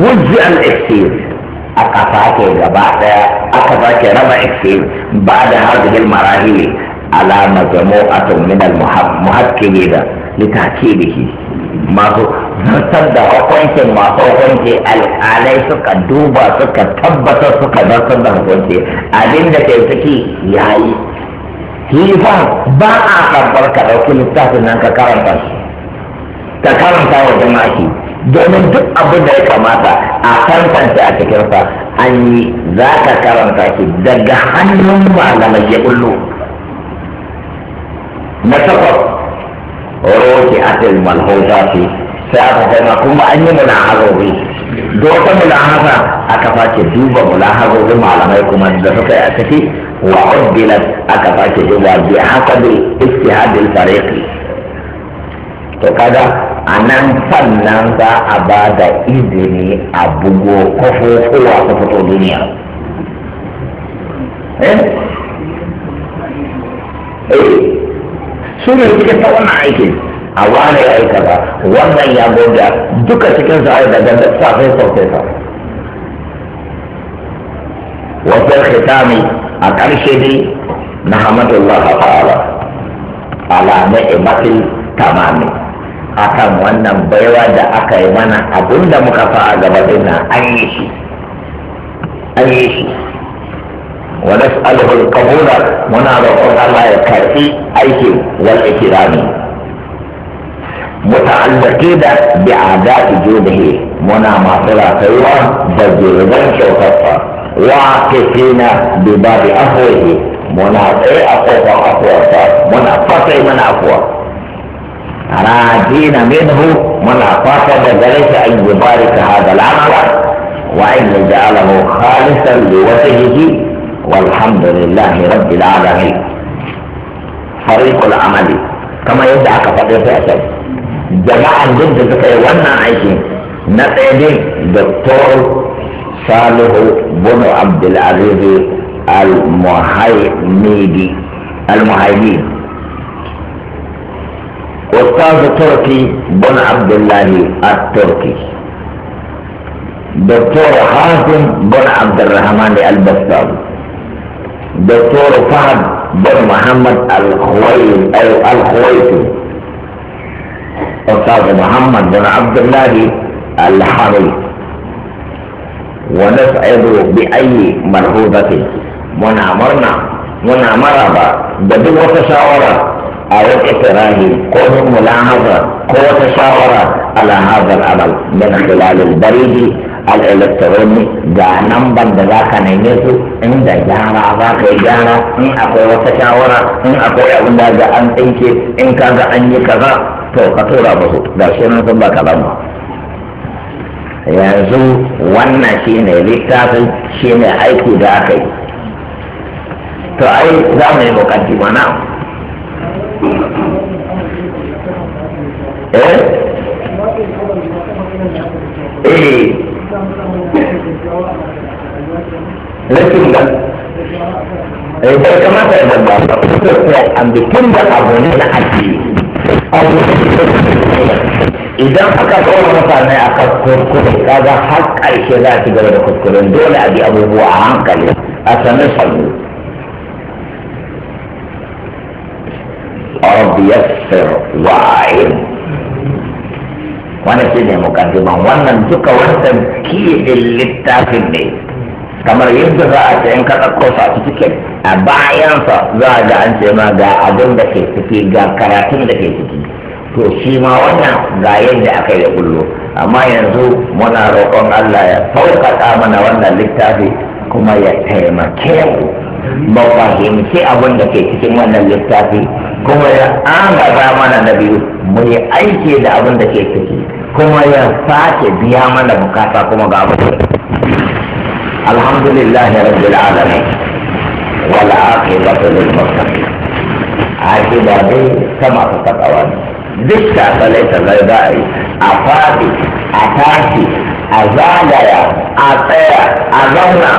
wujji al-iksir aka sake gaba daya aka sake raba iksir ba da harbihin marahili alama zamo atom min al-muhakkimi da litakilihi masu zartar da hukuncin masu hukunci al'alai suka duba suka tabbatar suka zartar da hukunci abinda ke ciki ya yi hifa ba a karɓar ka ɗauki littafin nan ka karanta shi ka karanta wa jama'i domin duk abin da ya kamata a tantance a cikinsa an yi za ka karanta shi daga hannun malamai ya bullo na takwas roki atil malhauta ce sai aka gana kuma an yi mulahazobi doka mulahaza aka face duba mulahazobi malamai kuma da suka yi a ciki wa uddilat aka face duba bi hasabi istihadil fariqi to kaga a nan sannan za a ba da izini a bugo kofofuwa su fito duniya eh su ne suke ta wannan aikin a wane ya aika ba wannan ya goga duka cikin sa da ganda safai sosai sa wasu khitami a ƙarshe dai na hamadullah ta'ala ala ni'imatil tamami kan wannan baiwa da aka yi mana abin da muka fa a gaba dinna an yi shi an yi shi wani nas'aluhu al muna roƙon Allah ya karfi aikin wal kirani. متعلقين بعادات جوده منا ما طلع سوى بجودا شوكفا واقفين بباب أخوه منا أخوه أخوه منا فاتي منا أخوه راجين منه منا فاتي ذلك أن يبارك هذا العمل وأن يجعله خالصا لوجهه والحمد لله رب العالمين فريق العمل كما يدعك فقير في أسد jama'an duk da suka yi wannan aiki na ɗaya ne doktor salihu bunu abdulaziz al-muhaimidi al-muhaimidi أستاذ تركي بن عبد الله التركي دكتور حازم بن عبد الرحمن البسام دكتور فهد بن محمد الخويل أو الخويتي أستاذ محمد بن عبد الله الحري ونسعد بأي ملحوظة منا مرنا منا مرضى بدون وتشاورا أو إكراه كون ملاحظة قوة تشاورة على هذا العمل من خلال البريد الإلكتروني دا نمبر ذاك نيميسو إن دا جارة ذاك جارة إن اكو تشاورة إن اكو أبدا أن تنكي إن كذا أن كذا to ka tura musu da sun yanzu wannan shi ne littafin shi ne aiki da aka yi to ai za mu yi bukanti mana eh eh lakin da eh da abu ne na idan aka tsora mutane a kan kuskure kaga har ƙarshe za a gaba da kuskure, dole a bi abubuwa a hankali a sami sannu rabbi yassir wa'in wannan shi ne mukaddiman wannan duka wancan kiyidin littafin ne kamar yadda za a ce in ka ɗauko certificate a bayansa za a ga an ce ma ga abin da ke ciki ga karatun da ke ciki to shi ma wannan ga yadda aka yi kullo amma yanzu muna roƙon Allah ya sauƙaƙa mana wannan littafi kuma ya taimake mu ba fahimci abin da ke cikin wannan littafi kuma ya amara mana na biyu mu yi aiki da abin da ke ciki kuma ya sake biya mana bukata kuma ga abin الحمد لله رب العالمين والعاقبة للمتقين عاقبة دي كما تتقوان دكا فليس غيبائي أفادي أتاكي أزاليا أطيع أغنى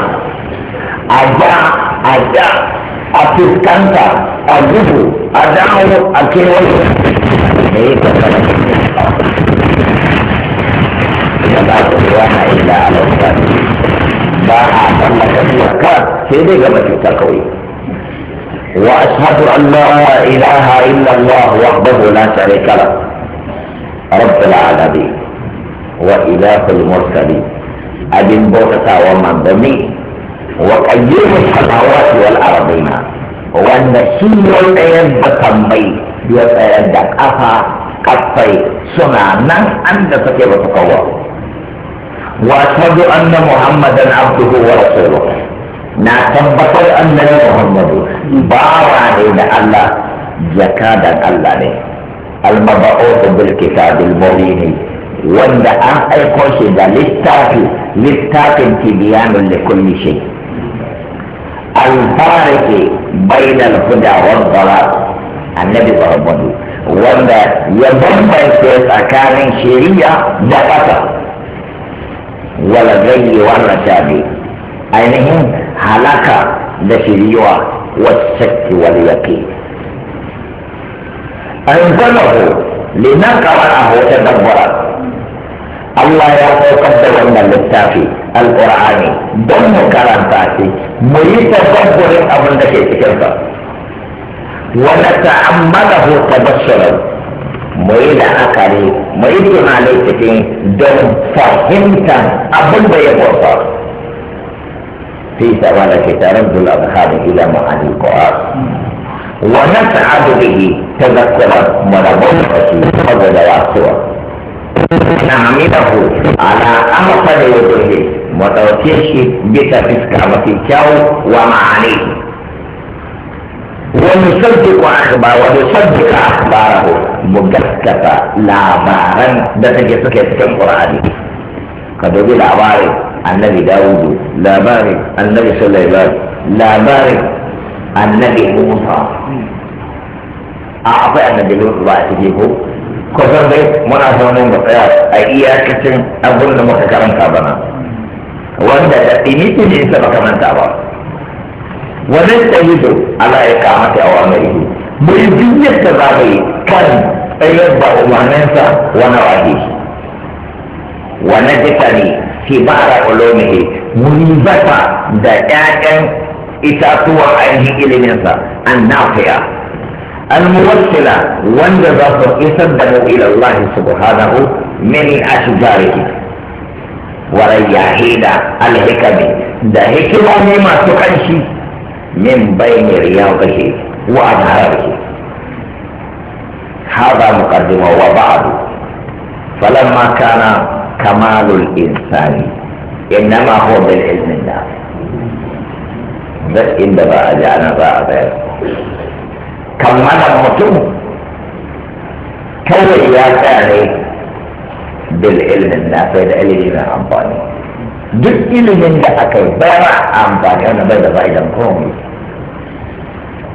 أجا أجا أتسكنتا أجبو أدعو أكيوي هيك فلسطين لا تقوانا إلا على الصالحين واشهد ان لا اله الا الله وحده لا شريك له رب العالمين واله المرسلين ابن بوكتا ومن بني وقيم السماوات والارضين وان شيء يد تمي يد كفا كفي سنانا ان تكيف تقوى واشهد ان محمدا عبده ورسوله na tabbatar annabi muhammadu bawa ne da allah jakadan allah ne almaba'udu bil kitabil mubin wanda an aiko shi da littafi littafin tibiyanun da kulli shi alfarike bainal huda wal dalal annabi muhammadu wanda ya bambance tsakanin shari'a da fata wala gayyi wa rajabi ainihin halaka da shiriwa wasakki wal yaqi a linaqra'ahu dabbara Allah ya saukar da wannan littafi alkur'ani don mu karanta shi mu yi tadabburin abin da ke cikin ta wa nata'ammalahu tabassuran mu yi la'akari mu yi tunanai cikin don fahimtar abin da ya farfa fi sama da ke taron dula da hada ila ma'ani ko'ar wa na sa'adu bihi ta zakkuran marabon da su saboda wasuwa na hamidahu ala amfani wajen mu ɗauke shi bisa fiska mafi kyau wa ma'ani ونصدق أخبار ونصدق أخباره مجسكة لابارا ده تجسك يتكلم قرآني كدوبي لاباري النبي داود لاباري النبي سليمان لاباري النبي موسى أعطي النبي موسى بعد تجيبه kusan dai muna saunin da tsaya a iyakacin abin da muka karanta bana wanda da ɗimi ne sa baka manta ba wannan tsayidu ala ya kamata a wani ihu bai jiyar da za a yi kan tsayar ba umarninsa wani wahi wani jita ne ke ba a rakulo ne muni bata da 'ya'yan itatuwa a yi iliminsa an nafiya an muwassila wanda za su isar da mu ila Allah subhanahu min ashjarihi wa rayyahida al-hikami da hikima ne masu kanshi من بين رياضه وأنهاره هذا مقدمة وبعد فلما كان كمال الإنسان إنما هو بالعلم النافع بس إن بقى جعلنا بقى بقى كمال المتوم كل يا بالعلم النافع العلم الأنباني duk ilimin da aka yi ba أنا wani bai da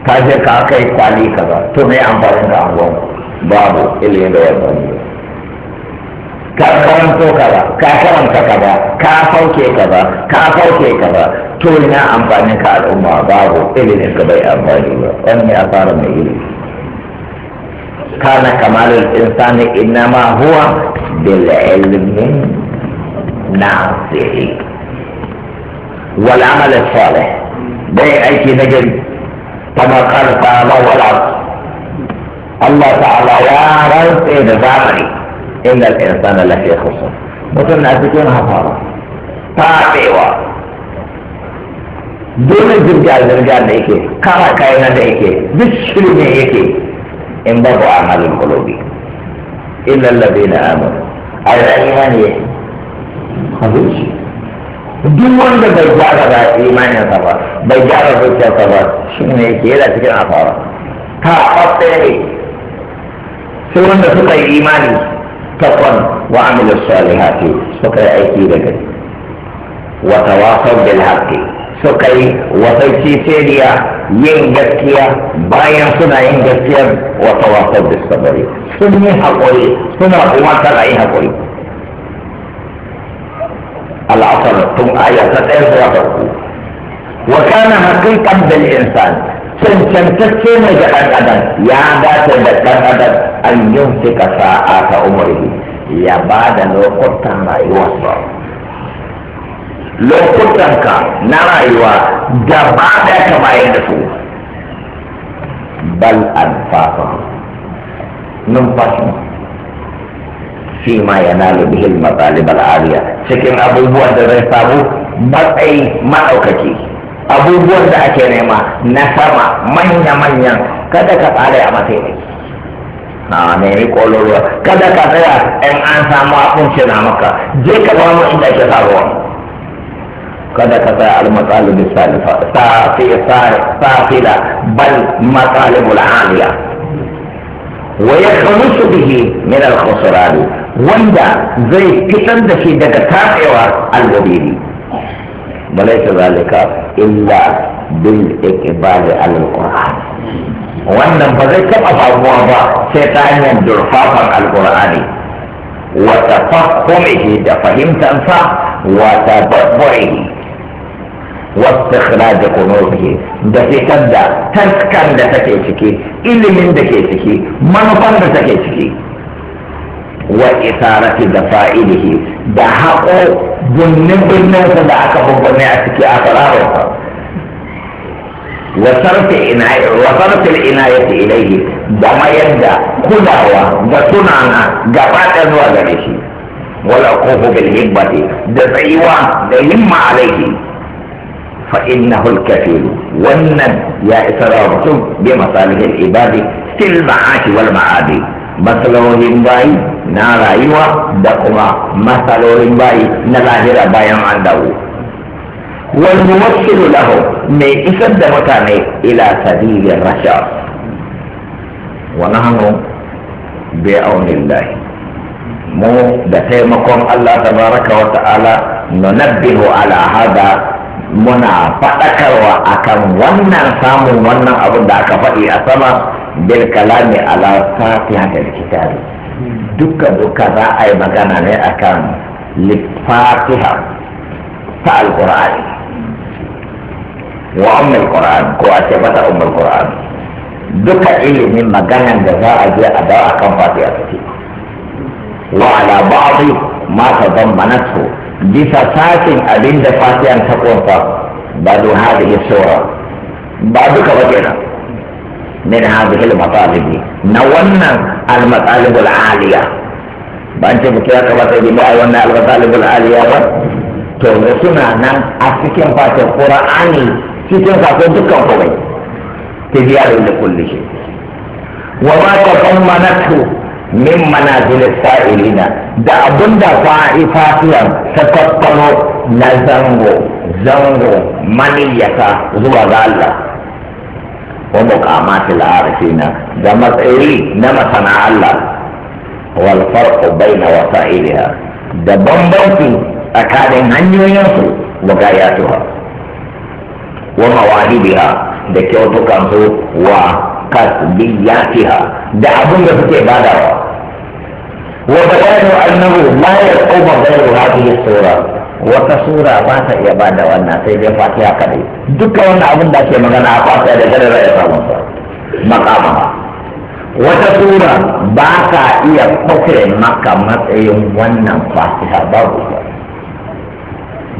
ka je ka kai kwali kaza to me amfanin da angon babu ilimin da ya sani ka karanto kaza ka karanta kaza ka sauke kaza ka sauke kaza to ina amfanin ka al'umma babu ilimin ka bai amfani ba wannan ya fara mai ilimi kana kamalul insani innama huwa bil ilmi nasihi wal amal salih bai aiki na كما قال ta'ala والعصر الله تعالى يا رب إن ذاكري إن الإنسان لفي خسر mutum na cikin hasara tabewa dole jirga zirga da yake kai kayan da yake duk shirme yake in babu amalin kulobi illa labina amur a yi imani ya duk wanda bai gyara ba ta ba bai gyara ta ba shi ne yake yana cikin afara ta ɓaɓɓe ne sai wanda suka yi imani kwan wa amilu salihati suka yi aiki da gari wa tawasau bil haqqi suka yi wasauci seriya yin gaskiya bayan suna yin gaskiya wa tawasau bis sabari sun yi haƙuri suna umartar tara yi haƙuri al'asar tun aya ta ɗaya zuwa farko wa kana haqiqan bil insan cancantacce ne ga ɗan adam ya dace da ɗan adam an yunfika sa'a ya ba da lokutan lokutanka na rayuwa gaba da ka bayar da su bal alfafa numfashin fi ma yanalu bihi al-matalib al-aliya cikin abubuwan da zai samu matsayi madaukaki abubuwan da ake nema na sama manya-manyan kada ka tsare a matsayi a nemi kololuwa kada ka tsaya in an samu abin na maka je ka mu inda ke saruwa kada ka tsaya al-matalib safila bal matalib al-aliya ويخلص به من الخسران wanda zai fitar da shi daga tabewa alwabiri balaita zalika illa bil ikibali alkur'ani wannan ba zai taba faruwa ba sai ta hanyar durfafan alkur'ani wata tafahhumihi da fahimtansa wata tadabburihi واستخراج قلوبه da fitar da taskan da take ciki ilimin da ke ciki manufan da take ciki وإثارة دفائله ده حقه بنن بنن فدعك ببنع آخر أقراره وصرف العناية وصرف العناية إليه دم ما يبدأ كلاوة ده سنانا جبات وغريش والعقوف بالهبة دفعيوة سيوان عليه فإنه الكفيل والنب يا إسرار بمصالح العباد في المعاش والمعادي matsalohin bayi na rayuwa da kuma matsalolin bayi na lahira bayan an dawo wani wasu lahu mai isar da mutane ila sabilin rasha Wani hannu bai bi aunillah mu da taimakon Allah Ta baraka wa ta'ala nunabbihu ala hada muna faɗakarwa akan wannan samun wannan abin da aka faɗi a sama bil kalami ala fatiha da kitabi duka duka za a yi magana ne akan fatiha ta alqur'ani wa ummul qur'an ko a ce mata ummul qur'an duka ilimin maganan da za a je a dawa akan fatiha ce. wa ala ba'dhi ma tazammanahu bisa sashin abin da fasiyan ta ƙunsa ba da hada sura ba duka ba kenan min hada hil matalibi na wannan al-matalibul aliya ba an ce mutu ya kamata yi a wannan al-matalibul aliya ba to suna nan a cikin fatin qur'ani cikin fatin dukkan ta biya da kulli shi wa ma tu. min manazilin sa'ilina da abinda fa'ifafiyar ta kwakwalo na zango zango maniyyata zuwa ga Allah wa muqamatil arifina da matsayi na masana Allah wal farqu baina wasa'iliha da bambanci tsakanin hanyoyinsu wa gayatuha wa mawahibiha da kyautukansu wa kasbiyatiha da abin da suke badawa وبيان أنه لا يقوم غير هذه الصورة wata sura ba ta iya ba da wannan sai dai fatiha kadai duka wannan abin da ake magana a fatiha da gare ya samu sa makama wata sura ba ta iya kofre maka matsayin wannan fatiha babu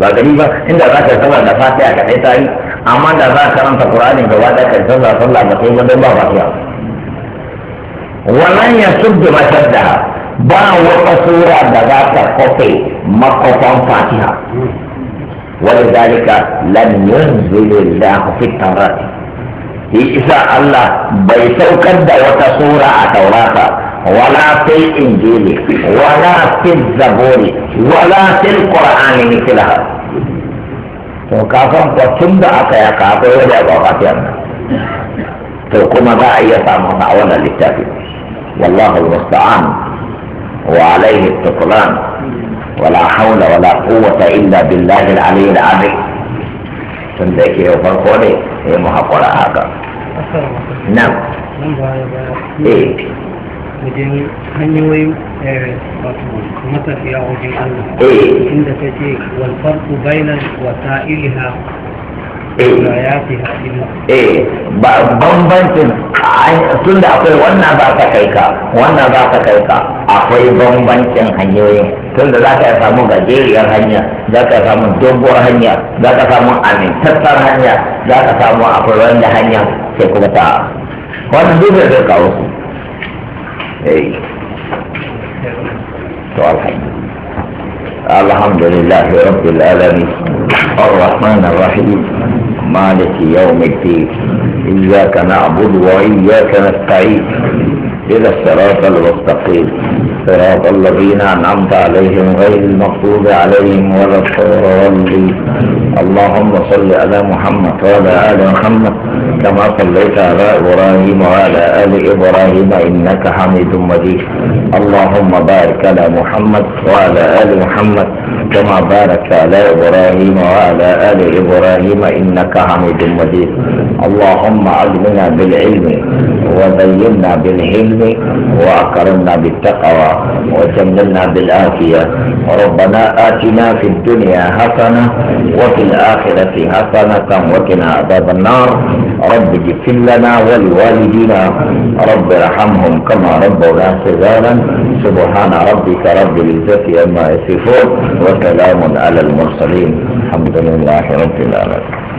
ba gani ba inda za ka sallar da fatiha kadai ta yi amma da za ka ranta qur'anin gaba da ka sallar sallah ba sai ba ba fatiha ya subdu mashadda ba wata sura da za ta kofe makofan fatiha ولذلك لم ينزل الله في التوراة يسا الله بيسوك وتصورة توراة ولا في الإنجيل ولا في الزبور ولا في القرآن مثلها وكافر قتند أكيا كافر ولا بغاتيان فكما ذا سامنا أولا للتابع والله المستعان وعليه التطلان ولا حول ولا قوة إلا بالله العلي العظيم tunda yake yau farko ne ya mu haƙura haka nan wajen hanyoyin matafiya wajen Allah inda ta ce walfarku bainan wata iliha Eh. eh ba bambancin tun da akwai wannan za ka kai ka wannan za ka kai ka akwai bambancin hanyoyin tun da za ka samu gajeriyar hanya za ka samu doguwar hanya za ka samu amintattar hanya za ka samu akwai wanda hanya sai kuma ta wannan duk da zai kawo su eh. to alhamdulillah الحمد لله رب العالمين الرحمن الرحيم مالك يوم الدين إياك نعبد وإياك نستعين إلى الصراط المستقيم صراط الذين أنعمت عليهم غير المغضوب عليهم ولا الضالين اللهم صل على محمد وعلى آل محمد كما صليت على إبراهيم وعلى آل إبراهيم إنك حميد مجيد اللهم بارك على محمد وعلى آل محمد كما باركت على إبراهيم وعلى آل إبراهيم إنك حميد مجيد اللهم علمنا بالعلم وزينا بالحلم وأكرمنا بالتقوى وجملنا بالآفية ربنا آتنا في الدنيا حسنة وفي الآخرة حسنة وقنا عذاب النار رب اغفر لنا ولوالدينا رب ارحمهم كما ربونا صغارا سبحان ربك رب العزة عما يصفون وسلام على المرسلين الحمد لله رب العالمين